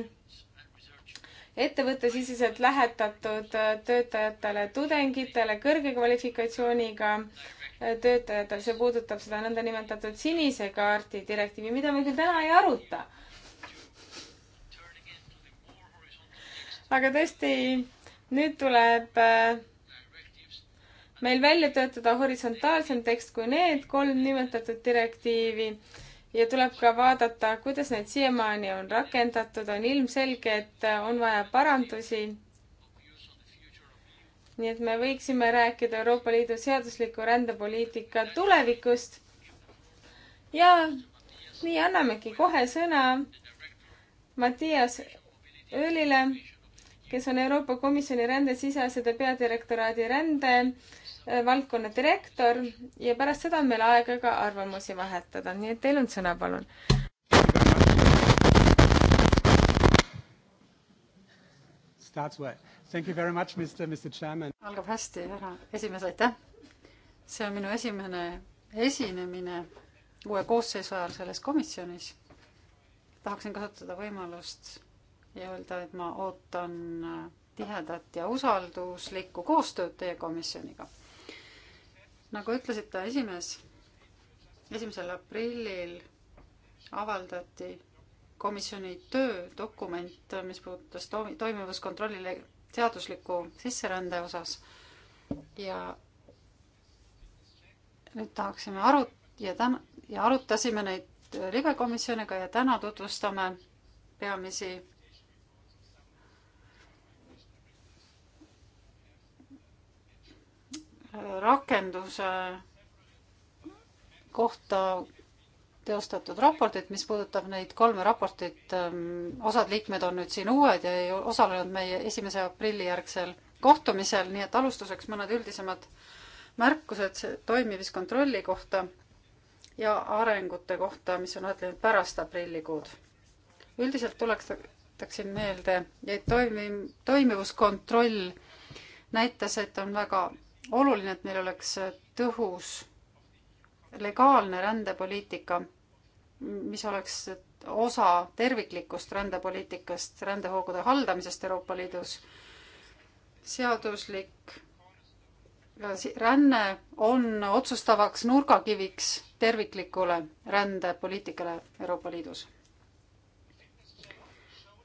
ettevõttesiseselt lähetatud äh, töötajatele, tudengitele, kõrge kvalifikatsiooniga äh, töötajatel, see puudutab seda nõndanimetatud sinise kaardi direktiivi, mida me küll täna ei aruta aga tõesti, nüüd tuleb äh, meil välja töötada horisontaalsem tekst kui need kolm nimetatud direktiivi ja tuleb ka vaadata, kuidas neid siiamaani on rakendatud, on ilmselge, et äh, on vaja parandusi. nii et me võiksime rääkida Euroopa Liidu seadusliku rändepoliitika tulevikust. ja nii annamegi kohe sõna Mattias Öölile kes on Euroopa Komisjoni rändesiseasjade peadirektoraadi rände äh, valdkonna direktor ja pärast seda on meil aega ka arvamusi vahetada, nii et teil on sõna, palun. algab hästi, härra esimees, aitäh. see on minu esimene esinemine uue koosseisu ajal selles komisjonis. tahaksin kasutada võimalust ja öelda, et ma ootan äh, tihedat ja usalduslikku koostööd teie komisjoniga. nagu ütlesite, esimees, esimesel aprillil avaldati komisjoni töödokument, mis puudutas toimivuskontrollile seadusliku sisserände osas ja nüüd tahaksime aru- ja täna ja arutasime neid libekomisjoniga ja täna tutvustame peamisi rakenduse kohta teostatud raportit, mis puudutab neid kolme raportit. Ähm, osad liikmed on nüüd siin uued ja ei osalenud meie esimese aprilli järgsel kohtumisel, nii et alustuseks mõned üldisemad märkused toimimiskontrolli kohta ja arengute kohta, mis on aetlenud pärast aprillikuud. üldiselt tuletaksin meelde, et toimi-, toimivuskontroll näitas, et on väga oluline, et meil oleks äh, tõhus legaalne rändepoliitika, mis oleks osa terviklikust rändepoliitikast, rändevoogude haldamisest Euroopa Liidus. seaduslik ränne on otsustavaks nurgakiviks terviklikule rändepoliitikale Euroopa Liidus.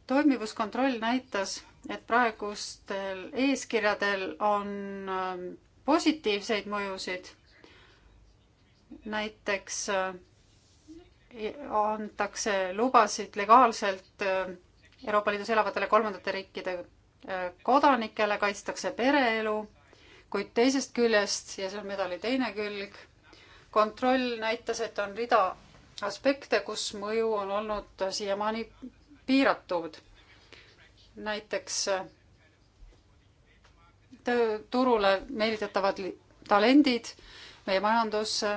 toimivuskontroll näitas, et praegustel eeskirjadel on ähm, positiivseid mõjusid. näiteks äh, antakse lubasid legaalselt äh, Euroopa Liidus elavatele kolmandate riikide äh, kodanikele, kaitstakse pereelu, kuid teisest küljest, ja see on medali teine külg, kontroll näitas, et on rida aspekte, kus mõju on olnud siiamaani piiratud. näiteks tööturule meelitatavad talendid meie majandusse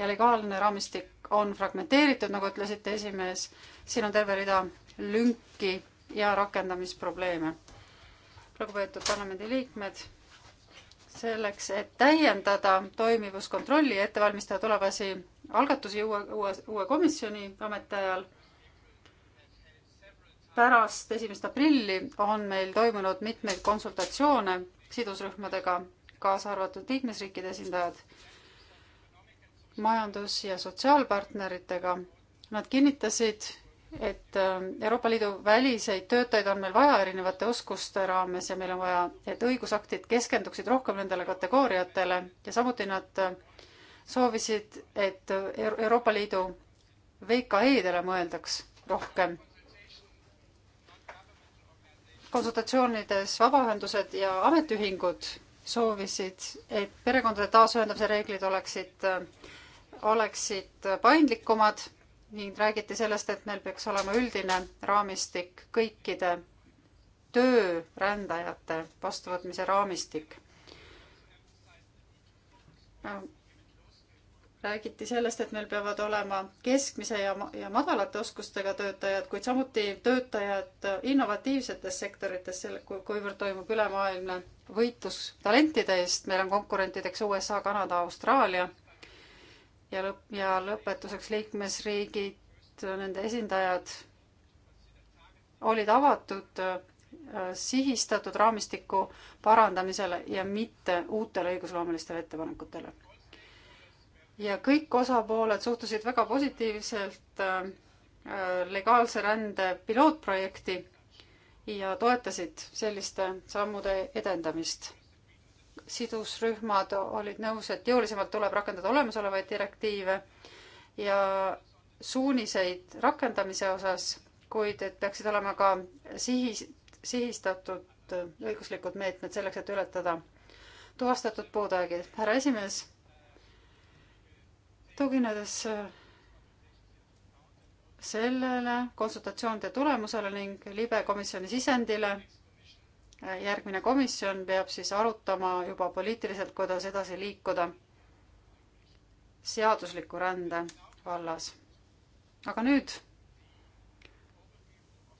ja legaalne raamistik on fragmenteeritud, nagu ütlesite, esimees. siin on terve rida lünki ja rakendamisprobleeme. lugupeetud parlamendiliikmed, selleks, et täiendada toimivuskontrolli ja ette valmistada tulevasi algatusi uue, uue, uue komisjoni ametiajal pärast esimest aprilli on meil toimunud mitmeid konsultatsioone sidusrühmadega, kaasa arvatud liikmesriikide esindajad, majandus- ja sotsiaalpartneritega. Nad kinnitasid, et ähm, Euroopa Liidu väliseid töötajaid on meil vaja erinevate oskuste raames ja meil on vaja, et õigusaktid keskenduksid rohkem nendele kategooriatele ja samuti nad äh, soovisid, et äh, Euroopa Liidu VKE-dele mõeldaks rohkem konsultatsioonides vabaühendused ja ametiühingud soovisid, et perekondade taasühendamise reeglid oleksid, oleksid paindlikumad ning räägiti sellest, et meil peaks olema üldine raamistik kõikide töörändajate vastuvõtmise raamistik räägiti sellest, et meil peavad olema keskmise ja, ja madalate oskustega töötajad, kuid samuti töötajad innovatiivsetes sektorites, selle, kuivõrd toimub ülemaailmne võitlus talentide eest, meil on konkurentideks USA, Kanada, Austraalia ja lõpp, ja lõpetuseks liikmesriigid, nende esindajad olid avatud äh, sihistatud raamistiku parandamisele ja mitte uutele õigusloomelistele ettepanekutele ja kõik osapooled suhtusid väga positiivselt äh, legaalse rände pilootprojekti ja toetasid selliste sammude edendamist. sidusrühmad olid nõus, et jõulisemalt tuleb rakendada olemasolevaid direktiive ja suuniseid rakendamise osas, kuid et peaksid olema ka sihis, sihistatud õiguslikud meetmed selleks, et ületada tuvastatud puudujäägid. härra esimees tuginedes sellele konsultatsioonide tulemusele ning libe komisjoni sisendile järgmine komisjon peab siis arutama juba poliitiliselt, kuidas edasi liikuda seadusliku rände vallas. aga nüüd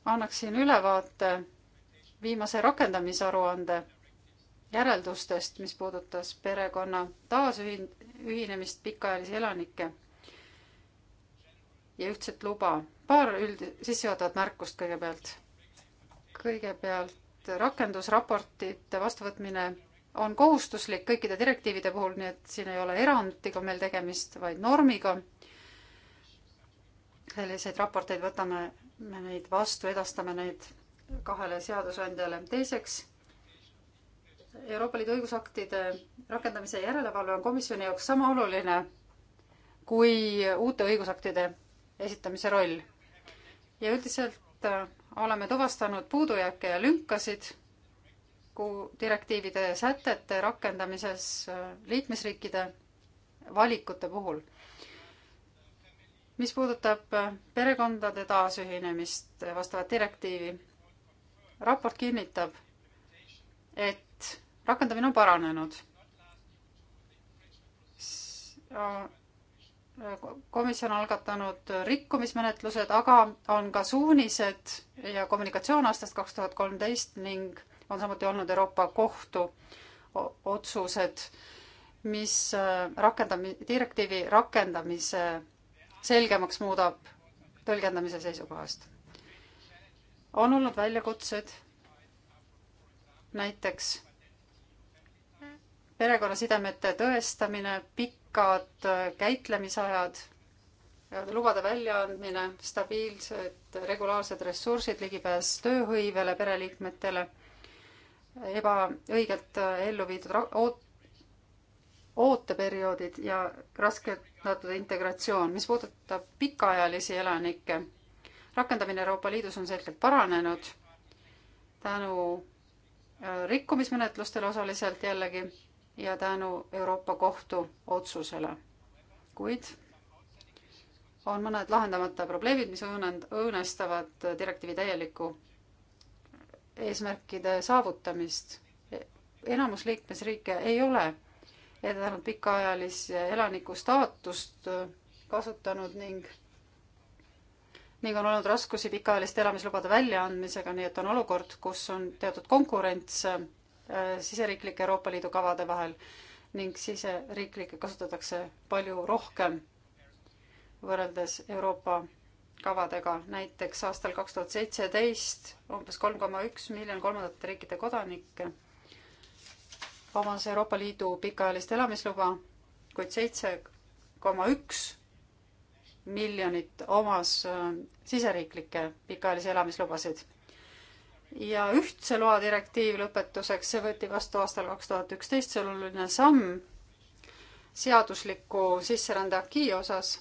annaksin ülevaate viimase rakendamisaruande järeldustest, mis puudutas perekonna taasühind-, ühinemist pikaajalisi elanikke ja ühtset luba. paar üld-, sissejuhatavat märkust kõigepealt. kõigepealt rakendusraportite vastuvõtmine on kohustuslik kõikide direktiivide puhul, nii et siin ei ole erandiga meil tegemist, vaid normiga. selliseid raporteid võtame me neid vastu, edastame neid kahele seadusandjale. teiseks Euroopa Liidu õigusaktide rakendamise järelevalve on komisjoni jaoks sama oluline kui uute õigusaktide esitamise roll. ja üldiselt äh, oleme tuvastanud puudujääke ja lünkasid direktiivide sätete rakendamises äh, liikmesriikide valikute puhul. mis puudutab äh, perekondade taasühinemist vastavat direktiivi, raport kinnitab, et rakendamine on paranenud. komisjon algatanud rikkumismenetlused, aga on ka suunised ja kommunikatsioon aastast kaks tuhat kolmteist ning on samuti olnud Euroopa Kohtu otsused, mis äh, rakendami-, direktiivi rakendamise selgemaks muudab tõlgendamise seisukohast. on olnud väljakutsed näiteks perekonnasidemete tõestamine, pikad äh, käitlemisajad, äh, lubade väljaandmine, stabiilsed regulaarsed ressursid, ligipääs tööhõivele pereliikmetele, ebaõigelt äh, ellu viidud ooteperioodid ja raskestatud integratsioon. mis puudutab pikaajalisi elanikke, rakendamine Euroopa Liidus on selgelt paranenud tänu rikkumismenetlustel osaliselt jällegi ja tänu Euroopa Kohtu otsusele. kuid on mõned lahendamata probleemid, mis õõnestavad direktiivi täielikku eesmärkide saavutamist. enamus liikmesriike ei ole edendanud pikaajalise elaniku staatust kasutanud ning ning on olnud raskusi pikaajaliste elamislubade väljaandmisega, nii et on olukord, kus on teatud konkurents äh, siseriiklike Euroopa Liidu kavade vahel ning siseriiklikke kasutatakse palju rohkem võrreldes Euroopa kavadega. näiteks aastal kaks tuhat seitseteist umbes kolm koma üks miljon kolmandate riikide kodanikke omas Euroopa Liidu pikaajalist elamisluba, kuid seitse koma üks miljonit omas äh, siseriiklikke pikaajalisi elamislubasid. ja ühtse loa direktiiv lõpetuseks, see võeti vastu aastal kaks tuhat üksteist, see on oluline samm seadusliku sisserände aki osas.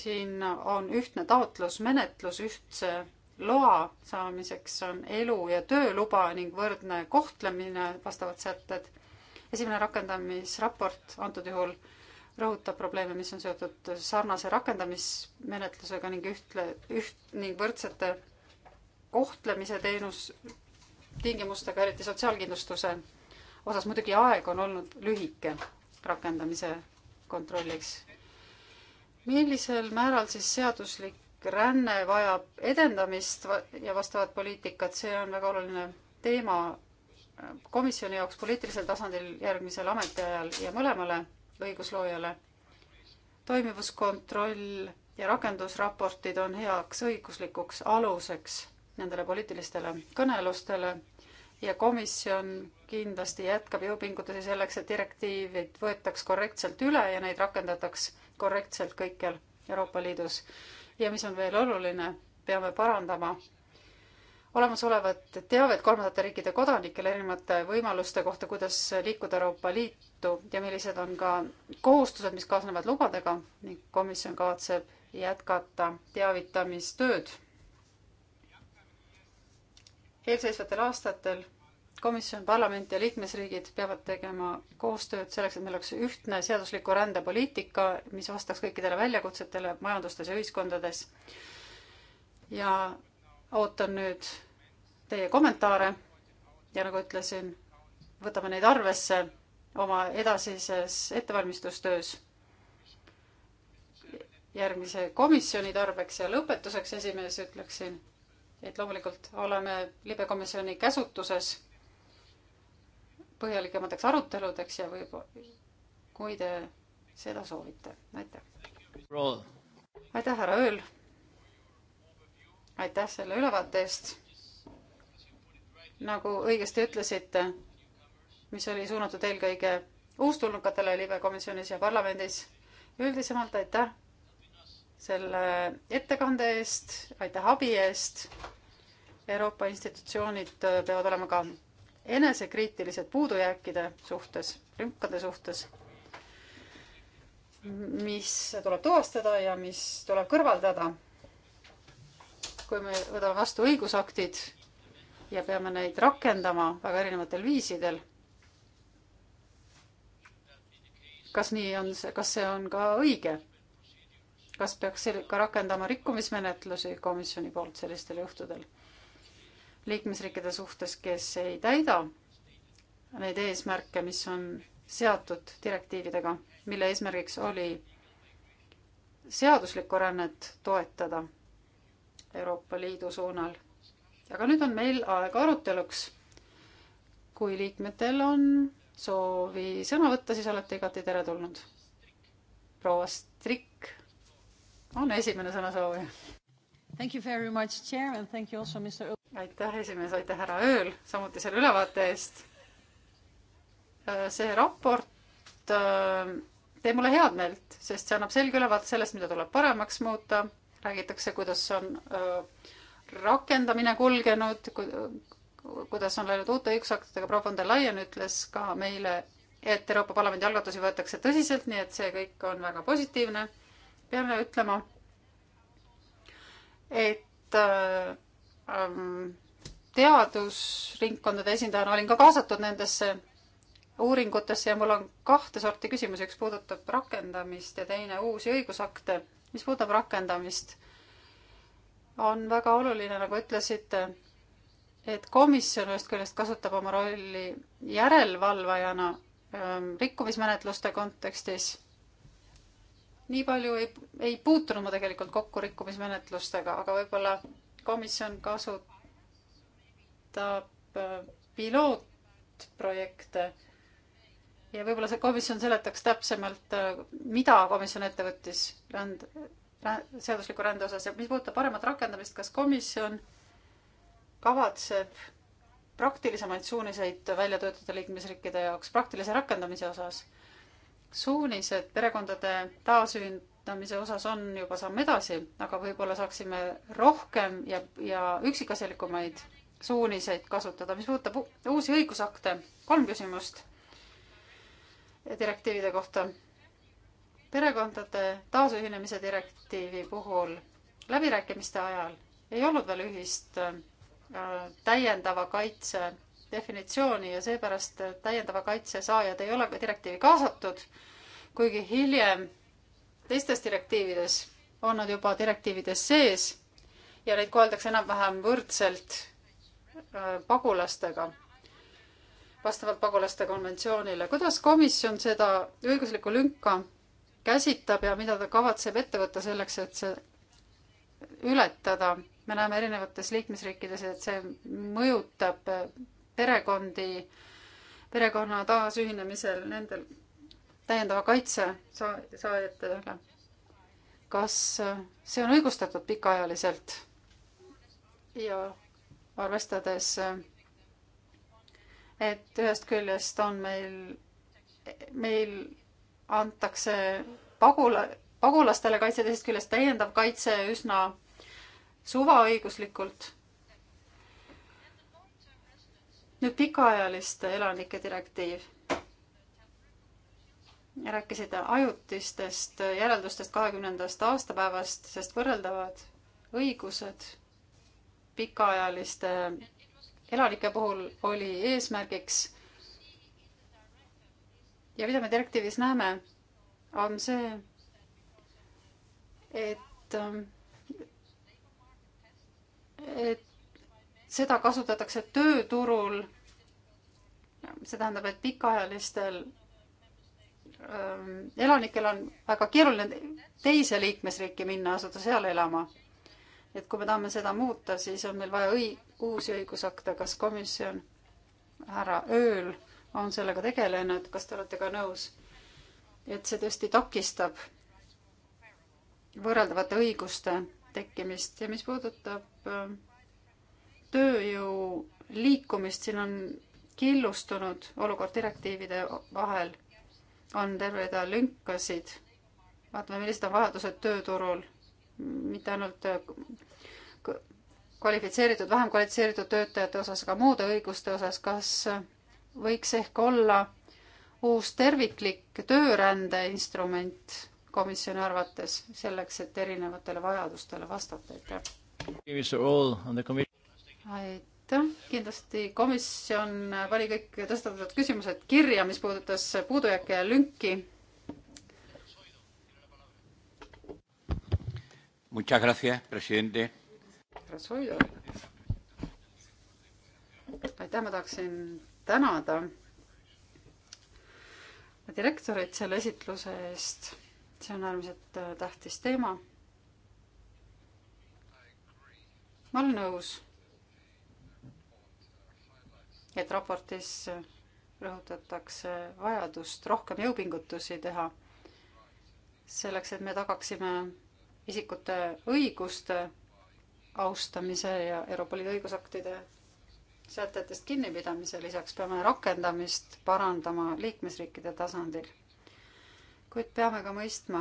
siin on ühtne taotlusmenetlus ühtse loa saamiseks on elu- ja tööluba ning võrdne kohtlemine, vastavad sätted. esimene rakendamisraport antud juhul rõhutab probleeme, mis on seotud sarnase rakendamismenetlusega ning ühtle, üht ning võrdsete kohtlemise teenus tingimustega, eriti sotsiaalkindlustuse osas. muidugi aeg on olnud lühike rakendamise kontrolliks. millisel määral siis seaduslik ränne vajab edendamist ja vastavat poliitikat, see on väga oluline teema komisjoni jaoks poliitilisel tasandil järgmisel ametiajal ja mõlemale õigusloojale. toimivuskontroll ja rakendusraportid on heaks õiguslikuks aluseks nendele poliitilistele kõnelustele ja komisjon kindlasti jätkab jõupingutusi selleks, et direktiivid võetaks korrektselt üle ja neid rakendataks korrektselt kõikjal Euroopa Liidus. ja mis on veel oluline, peame parandama olemasolevat teavet kolmandate riikide kodanikele erinevate võimaluste kohta, kuidas liikuda Euroopa Liitu ja millised on ka kohustused, mis kaasnevad lubadega ning komisjon kavatseb jätkata teavitamistööd. eelseisvatel aastatel komisjon, parlament ja liikmesriigid peavad tegema koostööd selleks, et meil oleks ühtne seadusliku rändepoliitika, mis vastaks kõikidele väljakutsetele majandustes ja ühiskondades. ja ootan nüüd teie kommentaare ja nagu ütlesin, võtame neid arvesse oma edasises ettevalmistustöös järgmise komisjoni tarbeks ja lõpetuseks esimees ütleksin, et loomulikult oleme libekomisjoni käsutuses põhjalikemateks aruteludeks ja võib, kui te seda soovite, aitäh. aitäh, härra Ööl. aitäh selle ülevaate eest nagu õigesti ütlesite, mis oli suunatud eelkõige uustulnukatele libekomisjonis ja parlamendis. üldisemalt aitäh selle ettekande eest, aitäh abi eest. Euroopa institutsioonid peavad olema ka enesekriitilised puudujääkide suhtes, lünkade suhtes, mis tuleb tuvastada ja mis tuleb kõrvaldada. kui me võtame vastu õigusaktid ja peame neid rakendama väga erinevatel viisidel. kas nii on see, kas see on ka õige? kas peaks ka rakendama rikkumismenetlusi komisjoni poolt sellistel juhtudel? liikmesriikide suhtes, kes ei täida neid eesmärke, mis on seatud direktiividega, mille eesmärgiks oli seaduslikku rännet toetada Euroopa Liidu suunal aga nüüd on meil aega aruteluks. kui liikmetel on soovi sõna võtta, siis olete igati teretulnud. proua Strik on esimene sõnasoovija. Thank you very much, chair and thank you also Mr. aitäh, esimees, aitäh, härra Ööl, samuti selle ülevaate eest. Äh, see raport äh, teeb mulle head meelt, sest see annab selge ülevaate sellest, mida tuleb paremaks muuta. räägitakse, kuidas on öö, äh, rakendamine kulgenud, kuidas on läinud uute õigusaktidega, proua von der Leyen ütles ka meile, et Euroopa Parlamendi algatusi võetakse tõsiselt, nii et see kõik on väga positiivne. peame ütlema, et äh, ähm, teadusringkondade esindajana olin ka kaasatud nendesse uuringutesse ja mul on kahte sorti küsimusi, üks puudutab rakendamist ja teine uusi õigusakte. mis puudutab rakendamist on väga oluline, nagu ütlesite, et komisjon ühest küljest kasutab oma rolli järelevalvajana ähm, rikkumismenetluste kontekstis. nii palju ei, ei puutunud ma tegelikult kokku rikkumismenetlustega, aga võib-olla komisjon kasutab äh, pilootprojekte ja võib-olla see komisjon seletaks täpsemalt, äh, mida komisjon ette võttis ränd-, seadusliku rände osas ja mis puudutab paremat rakendamist, kas komisjon kavatseb praktilisemaid suuniseid välja töötada liikmesriikide jaoks praktilise rakendamise osas? suunised perekondade taasühendamise osas on juba samm edasi, aga võib-olla saaksime rohkem ja, ja üksikasjalikumaid suuniseid kasutada. mis puudutab uusi õigusakte, kolm küsimust direktiivide kohta perekondade taasühinemise direktiivi puhul läbirääkimiste ajal ei olnud veel ühist äh, täiendava kaitse definitsiooni ja seepärast äh, täiendava kaitse saajad ei ole ka direktiivi kaasatud, kuigi hiljem teistes direktiivides on nad juba direktiivides sees ja neid koheldakse enam-vähem võrdselt äh, pagulastega, vastavalt pagulaste konventsioonile. kuidas komisjon seda õiguslikku lünka käsitab ja mida ta kavatseb ette võtta selleks, et see ületada. me näeme erinevates liikmesriikides, et see mõjutab perekondi, perekonna taasühinemisel nendel täiendava kaitse saa-, saajatele. kas see on õigustatud pikaajaliselt? ja arvestades, et ühest küljest on meil, meil antakse pagula, pagulastele kaitse, teisest küljest täiendav kaitse üsna suvaõiguslikult. nüüd pikaajaliste elanike direktiiv. rääkisite ajutistest järeldustest kahekümnendast aastapäevast, sest võrreldavad õigused pikaajaliste elanike puhul oli eesmärgiks ja mida me direktiivis näeme, on see, et, ähm, et seda kasutatakse tööturul, see tähendab, et pikaajalistel ähm, elanikel on väga keeruline teise liikmesriiki minna, asuda seal elama. et kui me tahame seda muuta, siis on meil vaja õi-, uusi õigusakte, kas komisjon härra Ööl äh, on sellega tegelenud, kas te olete ka nõus, et see tõesti takistab võrreldavate õiguste tekkimist ja mis puudutab äh, tööjõu liikumist, siin on killustunud olukord direktiivide vahel, on terve rida lünkasid. vaatame, millised on vajadused tööturul, mitte ainult äh, kvalifitseeritud, vähem kvalifitseeritud töötajate osas, aga muude õiguste osas, kas äh, võiks ehk olla uus terviklik töörände instrument komisjoni arvates selleks, et erinevatele vajadustele vastata, aitäh. aitäh, kindlasti komisjon pani kõik tõstatatud küsimused kirja, mis puudutas puudujääke ja lünki. Muchas gracias, presidente. aitäh, ma tahaksin tänada direktorit selle esitluse eest. see on äärmiselt äh, tähtis teema. ma olen nõus, et raportis rõhutatakse vajadust rohkem jõupingutusi teha selleks, et me tagaksime isikute õiguste austamise ja Euroopa Liidu õigusaktide sätetest kinnipidamise lisaks peame rakendamist parandama liikmesriikide tasandil. kuid peame ka mõistma,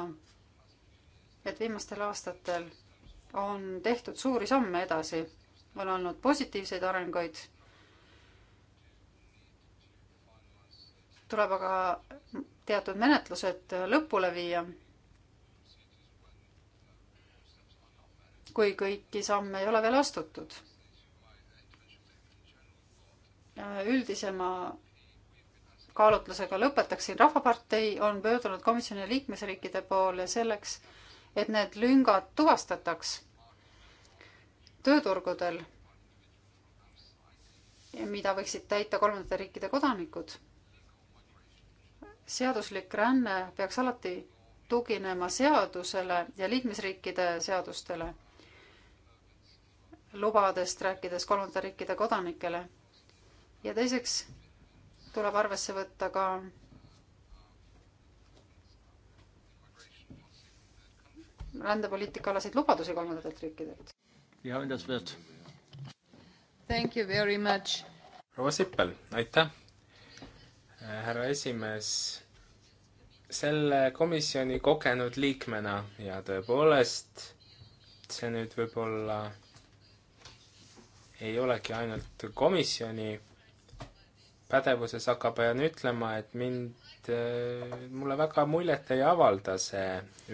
et viimastel aastatel on tehtud suuri samme edasi, on olnud positiivseid arenguid. tuleb aga teatud menetlused lõpule viia. kui kõiki samme ei ole veel astutud üldisema kaalutlusega lõpetaksin. rahvapartei on pöördunud komisjoni liikmesriikide poole selleks, et need lüngad tuvastataks tööturgudel, mida võiksid täita kolmandate riikide kodanikud. seaduslik ränne peaks alati tuginema seadusele ja liikmesriikide seadustele, lubadest rääkides kolmandate riikide kodanikele ja teiseks tuleb arvesse võtta ka rändepoliitika alaseid lubadusi kolmandatelt riikidelt. ja, mida sa tead? Thank you very much. proua Sippel, aitäh. Äh, härra esimees, selle komisjoni kogenud liikmena ja tõepoolest, see nüüd võib-olla ei olegi ainult komisjoni pädevuses aga pean ütlema, et mind, äh, mulle väga muljet ei avalda see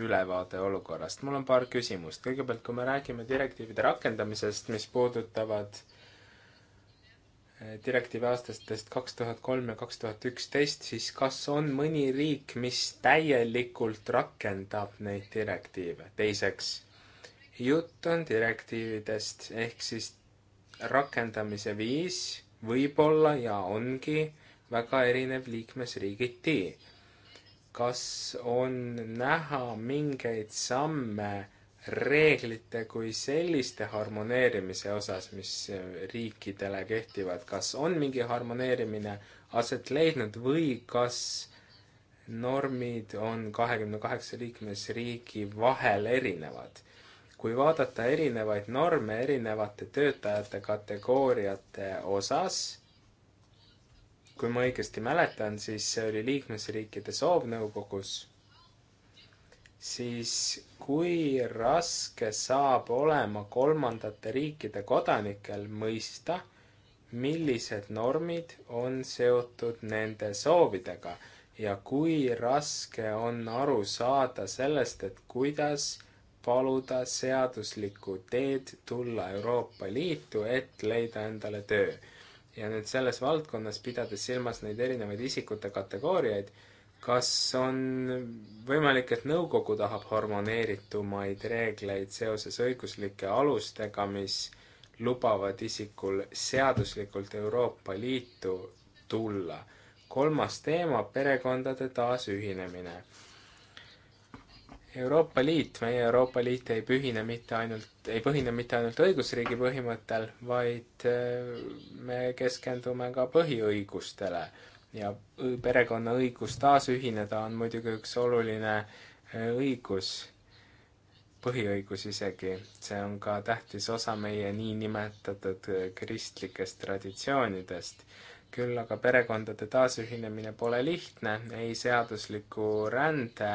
ülevaade olukorrast. mul on paar küsimust. kõigepealt, kui me räägime direktiivide rakendamisest, mis puudutavad äh, direktiivi aastatest kaks tuhat kolm ja kaks tuhat üksteist, siis kas on mõni riik, mis täielikult rakendab neid direktiive? teiseks, jutt on direktiividest ehk siis rakendamise viis võib-olla ja ongi väga erinev liikmesriigiti. kas on näha mingeid samme reeglite kui selliste harmoneerimise osas, mis riikidele kehtivad, kas on mingi harmoneerimine aset leidnud või kas normid on kahekümne kaheksa liikmesriigi vahel erinevad? kui vaadata erinevaid norme erinevate töötajate kategooriate osas, kui ma õigesti mäletan, siis see oli liikmesriikide soov nõukogus, siis kui raske saab olema kolmandate riikide kodanikel mõista, millised normid on seotud nende soovidega ja kui raske on aru saada sellest, et kuidas paluda seaduslikku teed tulla Euroopa Liitu, et leida endale töö. ja nüüd selles valdkonnas, pidades silmas neid erinevaid isikute kategooriaid, kas on võimalik, et nõukogu tahab harmoneeritumaid reegleid seoses õiguslike alustega, mis lubavad isikul seaduslikult Euroopa Liitu tulla? kolmas teema, perekondade taasühinemine Euroopa Liit, meie Euroopa Liit ei pühine mitte ainult, ei põhine mitte ainult õigusriigi põhimõttel, vaid äh, me keskendume ka põhiõigustele ja perekonna õigus taasühineda on muidugi üks oluline äh, õigus, põhiõigus isegi. see on ka tähtis osa meie niinimetatud äh, kristlikest traditsioonidest küll aga perekondade taasühinemine pole lihtne ei seadusliku rände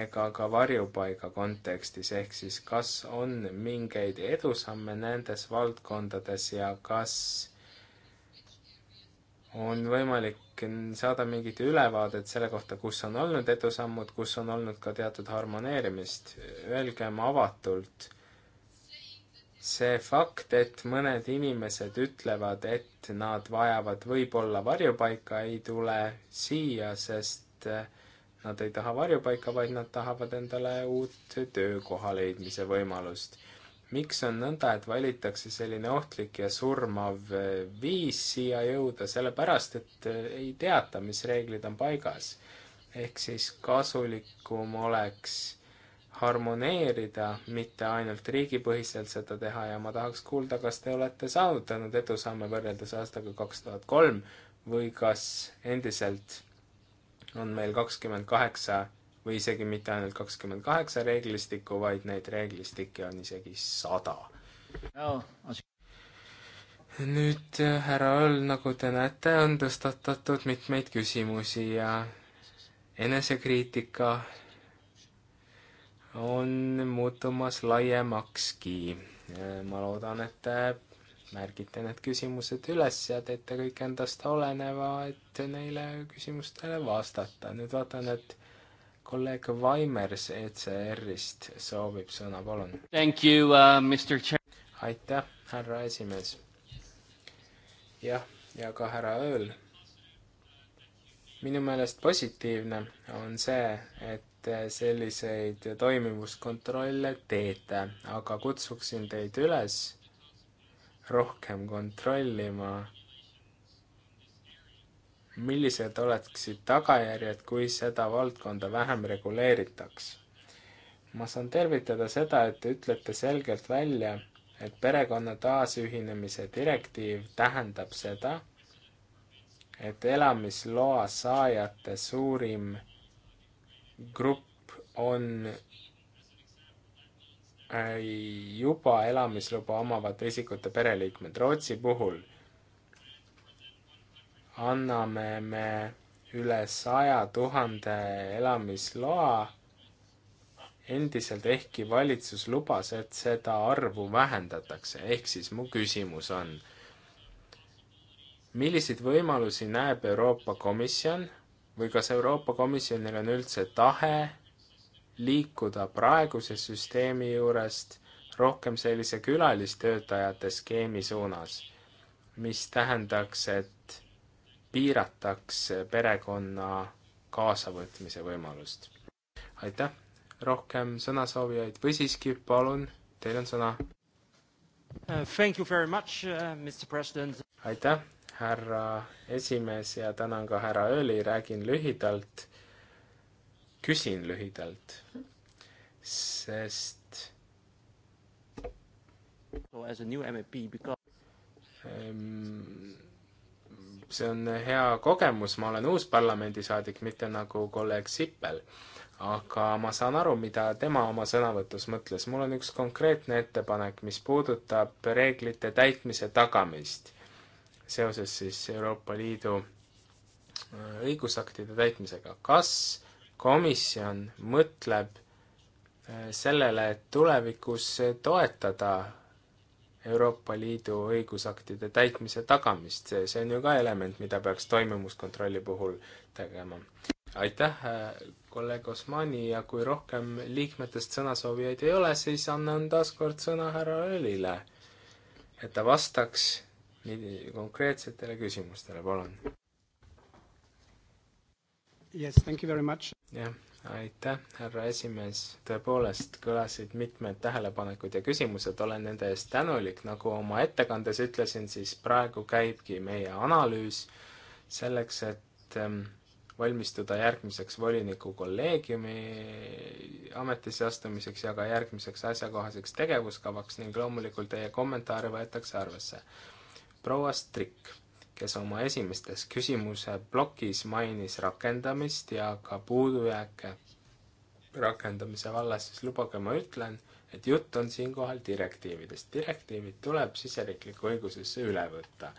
ega ka varjupaiga kontekstis, ehk siis kas on mingeid edusamme nendes valdkondades ja kas on võimalik saada mingit ülevaadet selle kohta, kus on olnud edusammud, kus on olnud ka teatud harmoneerimist. Öelgem avatult, see fakt, et mõned inimesed ütlevad, et nad vajavad võib-olla varjupaika, ei tule siia, sest äh, Nad ei taha varjupaika, vaid nad tahavad endale uut töökoha leidmise võimalust. miks on nõnda, et valitakse selline ohtlik ja surmav viis siia jõuda, sellepärast et ei teata, mis reeglid on paigas. ehk siis kasulikum oleks harmoneerida, mitte ainult riigipõhiselt seda teha ja ma tahaks kuulda, kas te olete saavutanud edusamme võrreldes aastaga kaks tuhat kolm või kas endiselt on meil kakskümmend kaheksa või isegi mitte ainult kakskümmend kaheksa reeglistikku, vaid neid reeglistikke on isegi sada. nüüd, äh, härra Õll, nagu te näete, on tõstatatud mitmeid küsimusi ja enesekriitika on muutumas laiemakski. Äh, ma loodan, et te märgite need küsimused üles ja teete kõik endast oleneva, et neile küsimustele vastata. nüüd vaatan, et kolleeg Vaimers ECR-ist soovib sõna, palun. Uh, aitäh, härra esimees. jah, ja ka härra Ööl. minu meelest positiivne on see, et selliseid toimivuskontrolle teete, aga kutsuksin teid üles rohkem kontrollima, millised oleksid tagajärjed, kui seda valdkonda vähem reguleeritaks. ma saan tervitada seda, et te ütlete selgelt välja, et perekonna taasühinemise direktiiv tähendab seda, et elamisloa saajate suurim grupp on Äh, juba elamisluba omavate isikute pereliikmed. Rootsi puhul anname me üle saja tuhande elamisloa endiselt, ehkki valitsus lubas, et seda arvu vähendatakse, ehk siis mu küsimus on, milliseid võimalusi näeb Euroopa Komisjon või kas Euroopa Komisjonil on üldse tahe liikuda praeguse süsteemi juurest rohkem sellise külalistöötajate skeemi suunas, mis tähendaks, et piirataks perekonna kaasavõtmise võimalust. aitäh, rohkem sõnasoovijaid või siiski, palun, teil on sõna uh,. Thank you very much uh,, Mr President. aitäh, härra esimees ja tänan ka härra Ööli, räägin lühidalt küsin lühidalt, sest ehm, see on hea kogemus, ma olen uus parlamendisaadik, mitte nagu kolleeg Sippel aga ma saan aru, mida tema oma sõnavõtus mõtles. mul on üks konkreetne ettepanek, mis puudutab reeglite täitmise tagamist seoses siis Euroopa Liidu äh, õigusaktide täitmisega. kas komisjon mõtleb äh, sellele, et tulevikus toetada Euroopa Liidu õigusaktide täitmise tagamist, see, see on ju ka element, mida peaks toimumuskontrolli puhul tegema. aitäh, äh, kolleeg Osmani ja kui rohkem liikmetest sõnasoovijaid ei ole, siis annan taas kord sõna härra Ölile, et ta vastaks nii konkreetsetele küsimustele, palun. Yes, thank you very much. jah, aitäh, härra esimees, tõepoolest kõlasid mitmed tähelepanekud ja küsimused, olen nende eest tänulik, nagu oma ettekandes ütlesin, siis praegu käibki meie analüüs selleks, et ähm, valmistuda järgmiseks voliniku kolleegiumi ametisse astumiseks ja ka järgmiseks asjakohaseks tegevuskavaks ning loomulikult teie kommentaare võetakse arvesse. proua Strik kes oma esimestes küsimuse plokis mainis rakendamist ja ka puudujääke rakendamise vallas, siis lubage, ma ütlen, et jutt on siinkohal direktiividest. direktiivid tuleb siseriiklikku õigusesse üle võtta.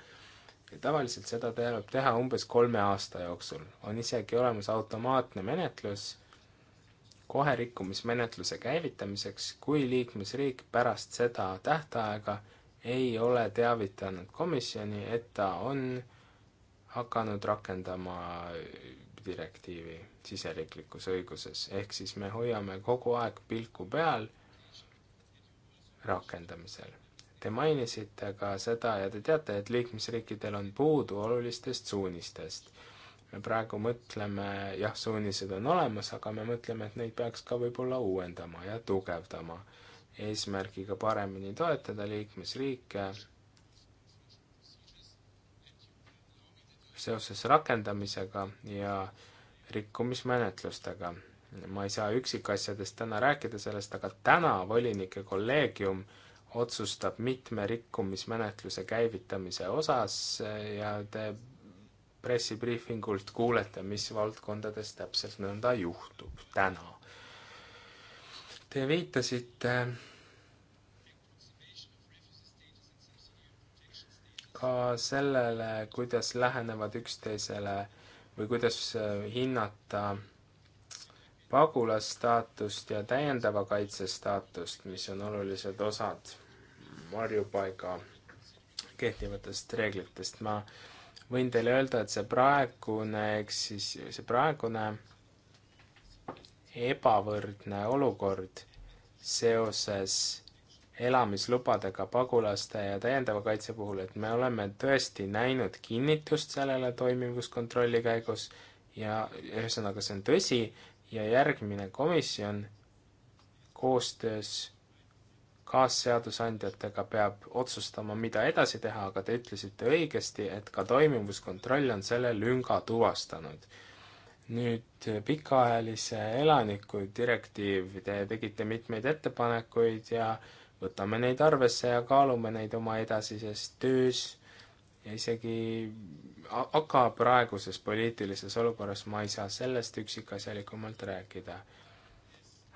ja tavaliselt seda tuleb teha umbes kolme aasta jooksul. on isegi olemas automaatne menetlus kohe rikkumismenetluse käivitamiseks, kui liikmesriik pärast seda tähtaega ei ole teavitanud komisjoni, et ta on hakanud rakendama direktiivi siseriiklikus õiguses, ehk siis me hoiame kogu aeg pilku peal rakendamisel. Te mainisite ka seda ja te teate, et liikmesriikidel on puudu olulistest suunistest. me praegu mõtleme, jah, suunised on olemas, aga me mõtleme, et neid peaks ka võib-olla uuendama ja tugevdama eesmärgiga paremini toetada liikmesriike seoses rakendamisega ja rikkumismenetlustega. ma ei saa üksikasjadest täna rääkida sellest, aga täna volinike kolleegium otsustab mitme rikkumismenetluse käivitamise osas ja te pressibriifingult kuulete, mis valdkondades täpselt nõnda juhtub täna Te viitasite ka sellele, kuidas lähenevad üksteisele või kuidas äh, hinnata pagulasstaatust ja täiendava kaitse staatust, mis on olulised osad varjupaiga kehtivatest reeglitest. ma võin teile öelda, et see praegune, ehk siis see praegune ebavõrdne olukord seoses elamislubadega pagulaste ja täiendava kaitse puhul, et me oleme tõesti näinud kinnitust sellele toiminguskontrolli käigus ja ühesõnaga, see on tõsi ja järgmine komisjon koostöös kaasseadusandjatega peab otsustama, mida edasi teha, aga te ütlesite õigesti, et ka toimivuskontroll on selle lünga tuvastanud nüüd äh, pikaajalise elaniku direktiiv, te tegite mitmeid ettepanekuid ja võtame neid arvesse ja kaalume neid oma edasises töös ja isegi aga praeguses poliitilises olukorras ma ei saa sellest üksikasjalikumalt rääkida.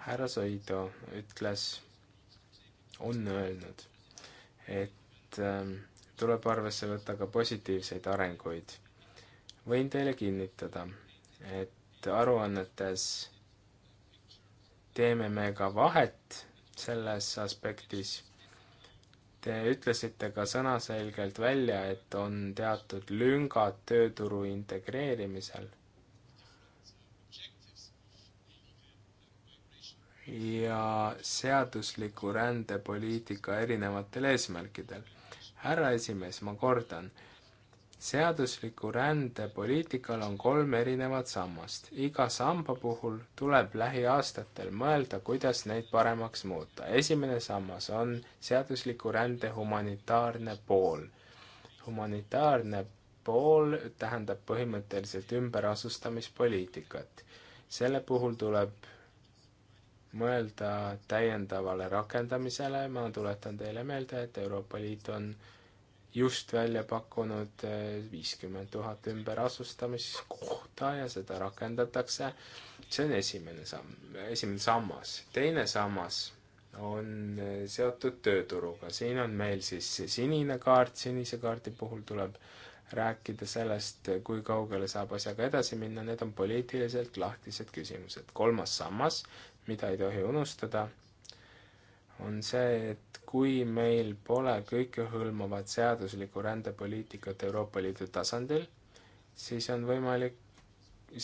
härra Soido ütles, on öelnud, et ähm, tuleb arvesse võtta ka positiivseid arenguid. võin teile kinnitada et aruannetes teeme me ka vahet selles aspektis. Te ütlesite ka sõnaselgelt välja, et on teatud lüngad tööturu integreerimisel. ja seadusliku rändepoliitika erinevatel eesmärkidel. härra esimees, ma kordan seadusliku rände poliitikal on kolm erinevat sammast. iga samba puhul tuleb lähiaastatel mõelda, kuidas neid paremaks muuta. esimene sammas on seadusliku rände humanitaarne pool. humanitaarne pool tähendab põhimõtteliselt ümberasustamispoliitikat. selle puhul tuleb mõelda täiendavale rakendamisele, ma tuletan teile meelde, et Euroopa Liit on just välja pakkunud eh, viiskümmend tuhat ümberasustamiskohta ja seda rakendatakse. see on esimene samm, esimene sammas. teine sammas on eh, seotud tööturuga, siin on meil siis sinine kaart, sinise kaardi puhul tuleb rääkida sellest, eh, kui kaugele saab asjaga edasi minna, need on poliitiliselt lahtised küsimused. kolmas sammas, mida ei tohi unustada on see, et kui meil pole kõikehõlmavat seaduslikku rändepoliitikat Euroopa Liidu tasandil, siis on võimalik,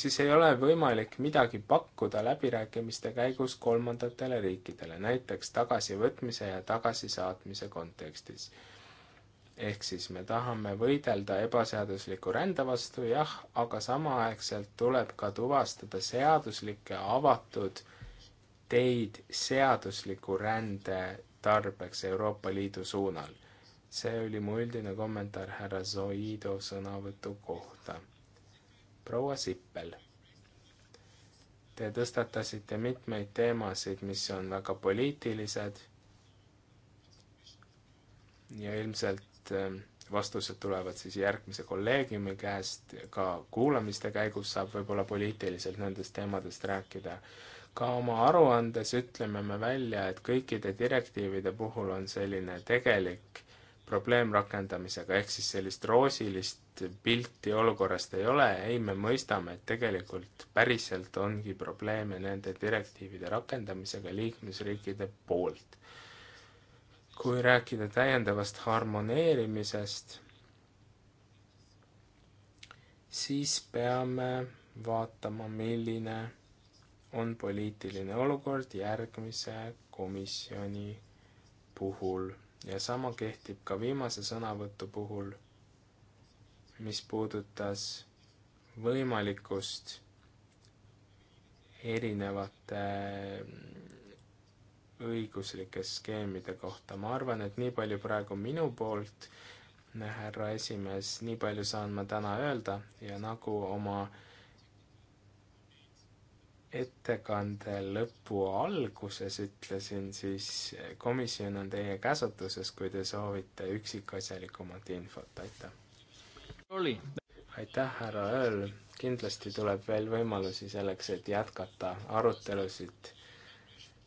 siis ei ole võimalik midagi pakkuda läbirääkimiste käigus kolmandatele riikidele, näiteks tagasivõtmise ja tagasisaatmise kontekstis. ehk siis me tahame võidelda ebaseadusliku rände vastu, jah, aga samaaegselt tuleb ka tuvastada seaduslikke avatud teid seadusliku rände tarbeks Euroopa Liidu suunal. see oli mu üldine kommentaar härra Zoido sõnavõtu kohta. proua Sippel, te tõstatasite mitmeid teemasid, mis on väga poliitilised ja ilmselt ähm, vastused tulevad siis järgmise kolleegiumi käest, ka kuulamiste käigus saab võib-olla poliitiliselt nendest teemadest rääkida ka oma aruandes ütleme me välja, et kõikide direktiivide puhul on selline tegelik probleem rakendamisega, ehk siis sellist roosilist pilti olukorrast ei ole, ei, me mõistame, et tegelikult päriselt ongi probleeme nende direktiivide rakendamisega liikmesriikide poolt. kui rääkida täiendavast harmoneerimisest, siis peame vaatama, milline on poliitiline olukord järgmise komisjoni puhul ja sama kehtib ka viimase sõnavõtu puhul, mis puudutas võimalikust erinevate õiguslike skeemide kohta. ma arvan, et nii palju praegu minu poolt, härra esimees, nii palju saan ma täna öelda ja nagu oma äh, ettekande lõpu alguses ütlesin, siis komisjon on teie käsutuses, kui te soovite üksikasjalikumat infot, aitäh. oli. aitäh, härra Ööl, kindlasti tuleb veel võimalusi selleks, et jätkata arutelusid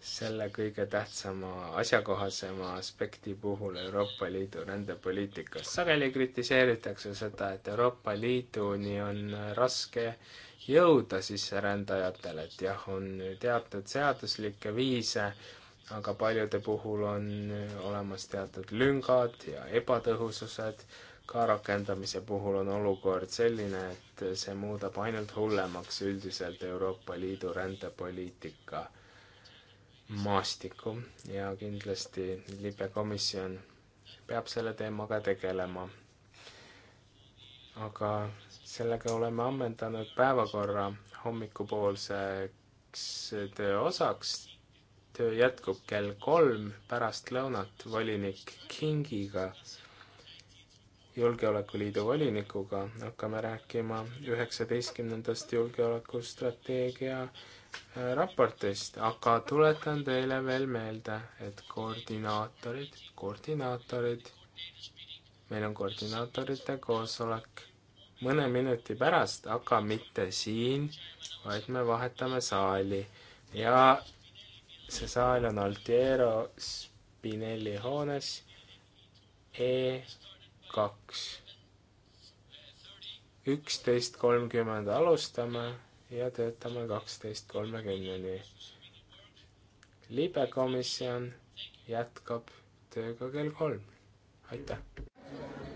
selle kõige tähtsama, asjakohasema aspekti puhul Euroopa Liidu rändepoliitikas. sageli kritiseeritakse seda, et Euroopa Liiduni on raske äh, jõuda sisserändajatele, et jah, on teatud seaduslikke viise, aga paljude puhul on olemas teatud lüngad ja ebatõhusused, ka rakendamise puhul on olukord selline, et see muudab ainult hullemaks üldiselt Euroopa Liidu rändepoliitika maastikku ja kindlasti libe komisjon peab selle teemaga tegelema. aga sellega oleme ammendanud päevakorra hommikupoolseks tööosaks. töö jätkub kell kolm pärastlõunat volinik Kingiga, julgeolekuliidu volinikuga. hakkame rääkima üheksateistkümnendast julgeolekustrateegia äh, raportist, aga tuletan teile veel meelde, et koordinaatorid, koordinaatorid, meil on koordinaatorite koosolek mõne minuti pärast, aga mitte siin, vaid me vahetame saali ja see saal on Altiero Spinelli hoones E kaks. üksteist kolmkümmend alustame ja töötame kaksteist kolmekümneni. libekomisjon jätkab tööga kell kolm. aitäh!